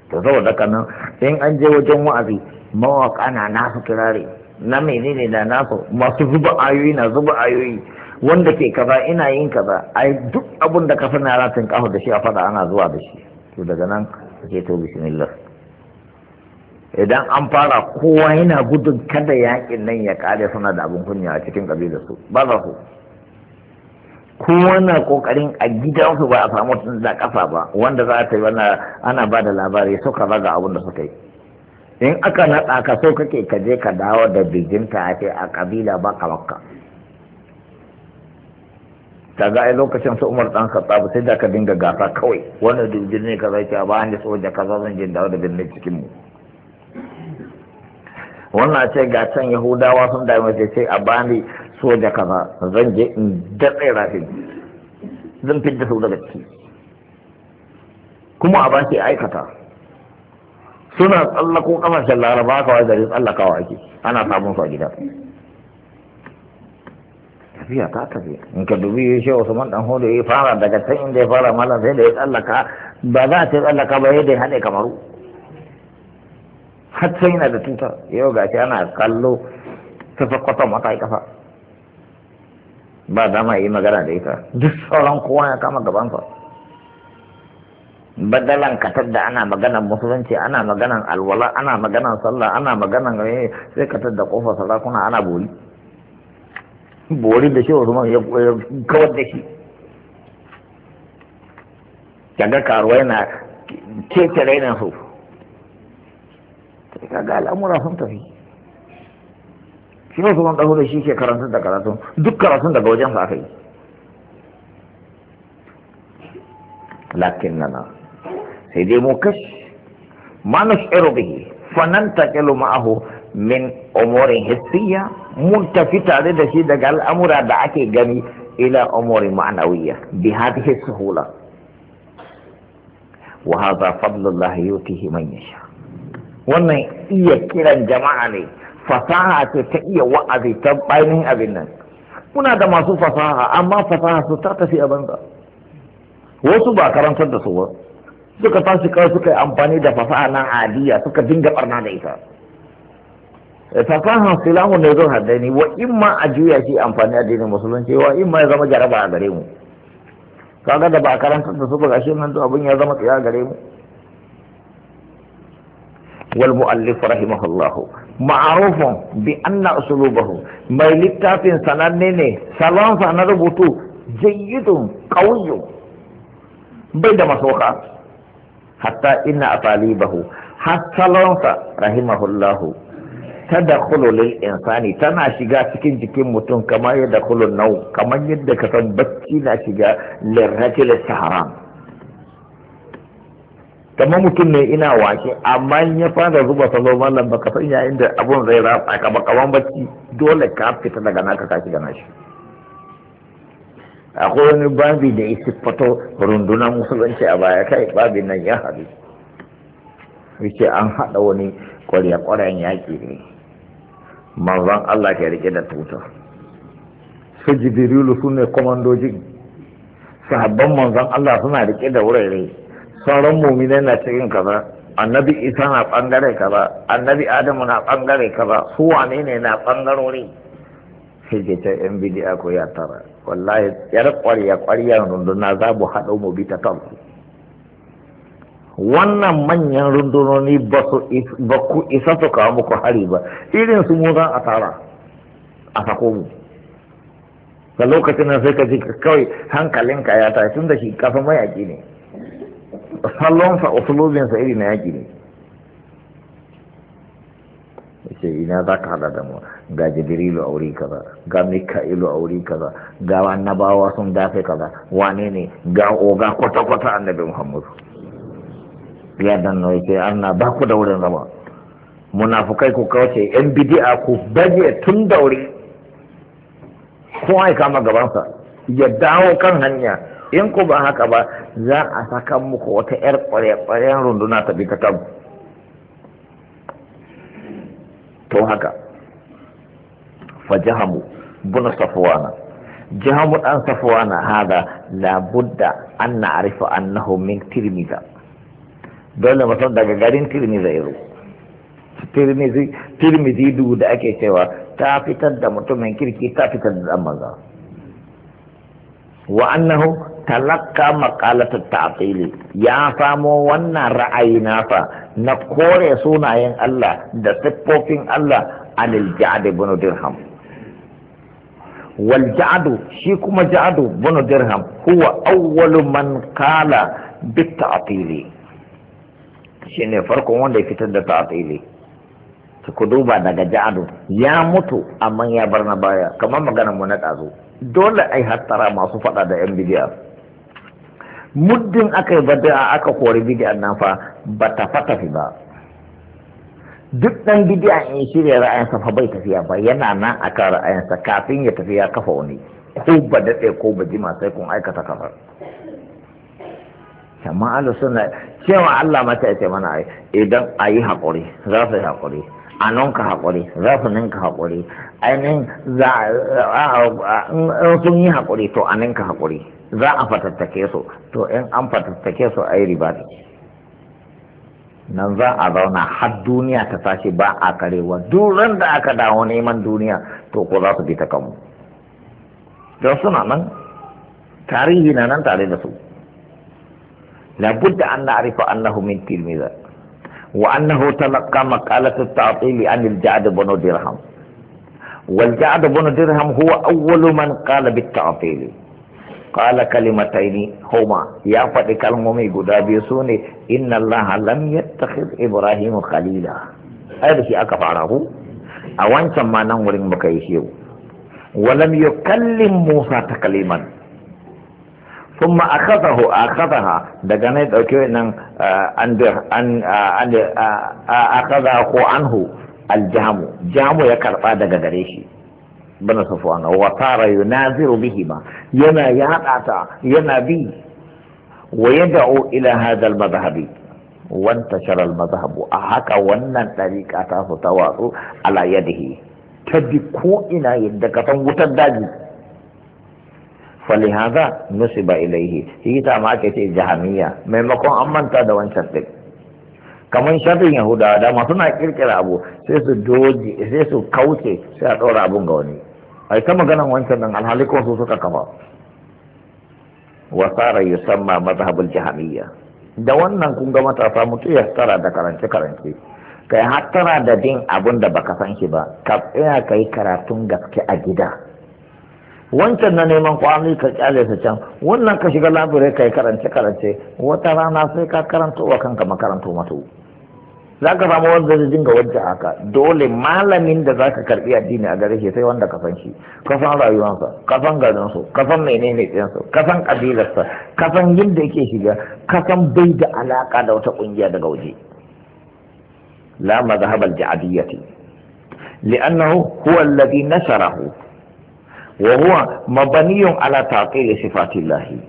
to saboda haka nan in an je wajen wa'azi mawaka na nasu kirare na menene da nasu masu zuba ayoyi na zuba ayoyi wanda ke kaza ina yin kaza ai duk abun da ka na ratin kafa da shi a fada ana zuwa da shi to daga nan ke to bismillah idan an fara kowa yana gudun kada yakin nan ya kare suna da abin kunya a cikin kabilar su ba za su kowa na kokarin a gidansu ba a samu da kasa ba wanda za ta yi ana ba da labari suka raga abin da suka yi in aka naɗa ka so kake ka je ka dawo da bijinta a ce a kabila ba ka makka ta ga yi lokacin su umar dan tsabu sai da ka dinga gasa kawai wannan dubjin ne ka ce a ba ni soja ka zan je dawo da birnin cikin mu wannan ce ga can yahudawa sun dame ce sai a bani soja kaza zan je in datse rafin zan fidda su daga ciki kuma a bashi aikata suna tsallako kafashen laraba wa gari tsallakawa ake ana sabon su a gida tafiya ta tafi in ka dubi shi man dan Hudu ya fara daga can inda ya fara malam sai da ya tsallaka ba za a ce tsallaka ba yadda ya haɗe kamaru har sai yana da tutar yau ga shi ana kallo ta sakwata mata kafa ba dama yi magana da ita duk sauran kowa ya kama gabansa badalan katar da ana maganan musulunci ana maganan alwala ana maganan sallah ana maganan sai katar da kofar sarakuna ana bori bori da shi wasu man ya kawar da shi kaga karuwa yana kece rainin su ka ga al'amura sun tafi shi ne kuma ɗaho da shi ke karatun da karatun duk karatun daga wajen sa aka yi lakin nana sai dai mu kash ma nus'iru bihi ta kelo ma'ahu min umurin hissiya mun tafi tare da shi daga al'amura da ake gani ila umurin ma'anawiyya bi hadhihi suhula wa hadha fadlullah yutihi man yasha wannan iya kiran jama'a ne fasaha ce ta iya wa'azi ta bainin abin nan muna da masu fasaha amma fasaha su ta tafi a banza wasu ba karantar da su ba suka tashi kawai suka yi amfani da fasaha nan adiya suka dinga barna da ita eh, fasaha silamu ne zo haddani wa ma a juya shi amfani addinin musulunci wa in ma ya zama jaraba a gare mu kaga da ba a karanta da su ba gashi nan to abin ya zama tsaya a gare mu والمؤلف رحمه الله معروف بأن أسلوبه ما لكتاب سننني سلام سنربط جيد قوي بيد مسوقا حتى إن أطاليبه حتى رحمه الله تدخل للإنسان تنا شجاع تكين تكين متون كما يدخل النوم كما يدخل بكي لا شجاع للرجل السهران kamar mutum ne ina wake amma in ya fara zuba salo mallam baka san ya inda abun zai ratsa ka ba kaman bacci dole ka fita daga naka ka shiga nashi akwai wani babi da isi fato rundunar musulunci a baya kai babin nan ya haɗu yace an haɗa wani ƙwarya kwaryan yaƙi ne manzon Allah ke rike da tuta su jibrilu su ne kwamandojin sahabban manzon Allah suna rike da wurare sauran muminai na cikin kaza annabi isa na bangare kaza annabi adamu na bangare kaza su wane ne na bangarori sai ke ta yan bidiya ko ya tara wallahi yar kwarya kwarya runduna za mu haɗo mu bi ta wannan manyan rundunoni ba ku isa su kawo muku hari ba irin su mu zan a tara a sako mu da lokacin nan sai ka ji kawai hankalinka ya tashi tun da shi kafa mayaki ne salonsa usulubinsa iri na yaki ne ce ina za ka hada da mu ga jibrilu a wuri kaza ga mika'ilu a wuri kaza ga annabawa sun dafe kaza wane ne ga oga kwata-kwata annabi muhammad ya danna yake anna ba ku da wurin zama munafukai ku kauce yan bidi'a ku baje tun da wuri kuma ya kama gabansa ya dawo kan hanya in ku ba haka ba za a saka muku wata 'yar kware-kwaren runduna ta bi ta tabu to haka fa jahamu buna safuwana jahamu dan safuwana hada labudda an na na'rifa annahu min tirmiza dole mu daga garin tirmiza yaro tirmizi tirmizi da ake cewa ta fitar da mutumin kirki ta fitar da dan wa annahu talakka maqalatu ta'tili ya samo wannan ra'ayi fa na kore sunayen Allah da siffofin Allah anil ja'd ibn dirham wal ja'd shi kuma ja'd ibn dirham huwa awwalu man qala bit ta'tili shine farkon wanda ya fitar da ta'tili ku duba daga ja'd ya mutu amma ya bar na baya kamar maganar mu na ɗazu dole ai hattara masu fada da yan bidiya muddin aka yi bada aka kori bidiyan nan fa ba ta fata fi ba duk dan bidiya in shirya ra'ayinsa fa bai tafiya ba yana nan a kan ra'ayinsa kafin ya tafiya kafa wani ko ba daɗe ko ba jima sai kun aikata kafar amma Allah suna cewa Allah mata ya ce mana idan a yi haƙuri za su yi haƙuri a ka haƙuri za su ka haƙuri ainihin za a sun yi haƙuri to a ninka haƙuri za a fatattake su to in an fatattake su a yi riba nan za a zauna har duniya ta tashi ba a karewa duran da aka dawo neman duniya to ko za su bi ta kamo, don suna nan tarihi na nan tare da su labudda an na arifa annahu min tilmiza وأنه تلقى مقالة التعطيل عن الجعد بن درهم والجعد بن درهم هو أول من قال بالتعطيل قال كلمتين هما يا فتك المومي قدابي سوني إن الله لم يتخذ إبراهيم خليلا هذا شيء أكفره أوان سمانا ورن بكيشيو ولم يكلم موسى تكليما sun ma'akasahu a kasaha daga nai ɗauke nan a kasa ko anhu aljamu jamu ya karɓa daga gare shi bana sufuwa na watara yu naziru bihi ma yana yaɗa ta yana bi wa ya da'o ila hadal mazhabi wanta sharar mazhabu a haka wannan ɗariƙa ta su ta watsu ala ta bi ko ina yadda ka wutar daji falihaza nusiba ilaihi shi ita ma ake ce jahamiya maimakon an manta da wancan din kamar shafin yahudawa da masu na kirkira abu sai su doji sai su kauce sai a ɗora abun ga wani ai ta maganan wancan nan alhalikon su suka kafa wasara yusamma mazhabul jahamiya. da wannan kun ga matasa mutu ya tsara da karance karance kai hattara da din abun da baka san shi ba ka tsaya kai karatun gaske a gida wancan na neman kwami ka kyale su can wannan ka shiga labirai ka yi karance karance wata rana sai ka karanto wa kanka makaranto mato za ka samu wanda zai dinga wajen haka dole malamin da za ka karbi addini a gare shi sai wanda ka san shi ka san rayuwarsa ka san garinsu ka san menene ɗinsu ka san ƙabilarsa ka san yadda yake shiga ka san bai da alaƙa da wata ƙungiya daga waje la mazhabal ja'diyati li'annahu huwa alladhi nasharahu wa huwa mabaniyun ala taqili sifatillahi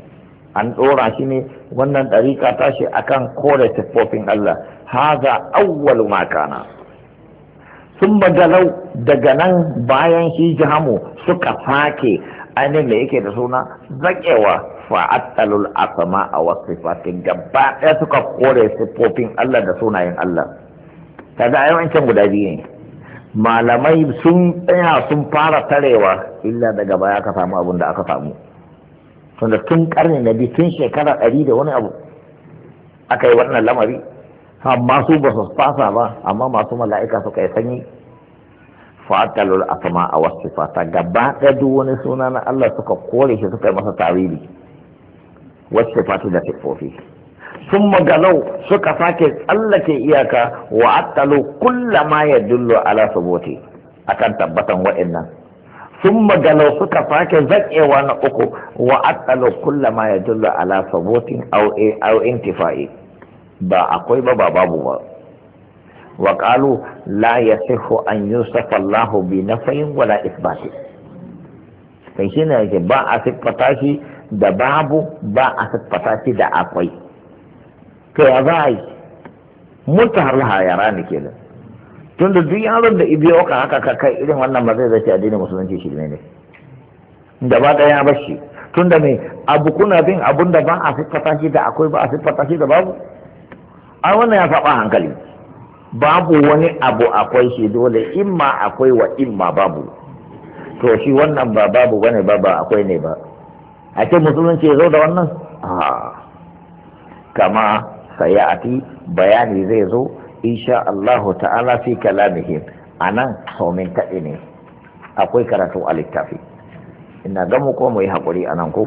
an dora shi ne wannan dariƙa ta shi akan kore siffofin Allah haza awwalu ma kana sun bagalau daga nan bayan shi jahamu suka sake ainihin da yake da suna zakewa fa'attalul asama a wasu sifatin gaba ɗaya suka kore siffofin Allah da sunayen Allah kaga ayyukan guda biyu ne malamai sun tsaya sun fara tarewa illa daga baya ka samu abin da aka samu tunda tun karni na biyu tun shekara ɗari da wani abu aka yi wannan lamari amma su ba su fasa ba amma masu mala'ika suka yi sanyi fatalul asma a wasu fata gaba ɗaya duk wani suna na Allah suka kore shi suka yi masa tawili wasu fata da siffofi sun magalau suka sake tsallake iyaka wa attalu kulla ma ya dullo ala saboti akan tabbatan wa'annan sun magalau suka sake zaƙewa na uku wa attalu kulla ma ya dullo ala sabotin au intifa'i ba akwai ba ba babu ba wa qalu la yasihu an Yusuf Allah bi nafayin wala isbati kai shine yake ba a siffata shi da babu ba a siffata shi da akwai to ya za a yi mun ta harla yara ne nan tun da duk yaron da ibiyo ka haka ka kai irin wannan ba zai zace addinin musulunci shi ne ne da ba ɗaya ba shi tun da mai abu kuna bin abun da ba a siffata shi da akwai ba a siffata shi da babu ai wannan ya faɓa hankali babu wani abu akwai shi dole imma akwai wa imma babu to shi wannan ba babu bane ba ba akwai ne ba a ce musulunci ya zo da wannan kama sayati bayani zai zo insha Allah ta'ala fi kalamihim anan somin kaɗi ne akwai karatu a littafi ina mu ko mu yi haƙuri anan ko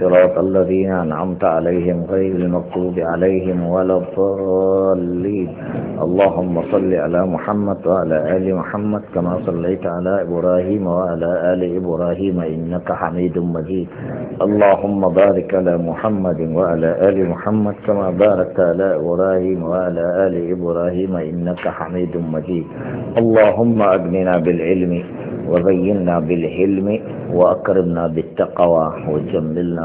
صراط الذين أنعمت عليهم غير المغضوب عليهم ولا الضالين اللهم صل على محمد وعلى آل محمد كما صليت على إبراهيم وعلى آل إبراهيم إنك حميد مجيد اللهم بارك على محمد وعلى آل محمد كما باركت على إبراهيم وعلى آل إبراهيم إنك حميد مجيد اللهم أجننا بالعلم وبينا بالحلم وأكرمنا بالتقوى وجملنا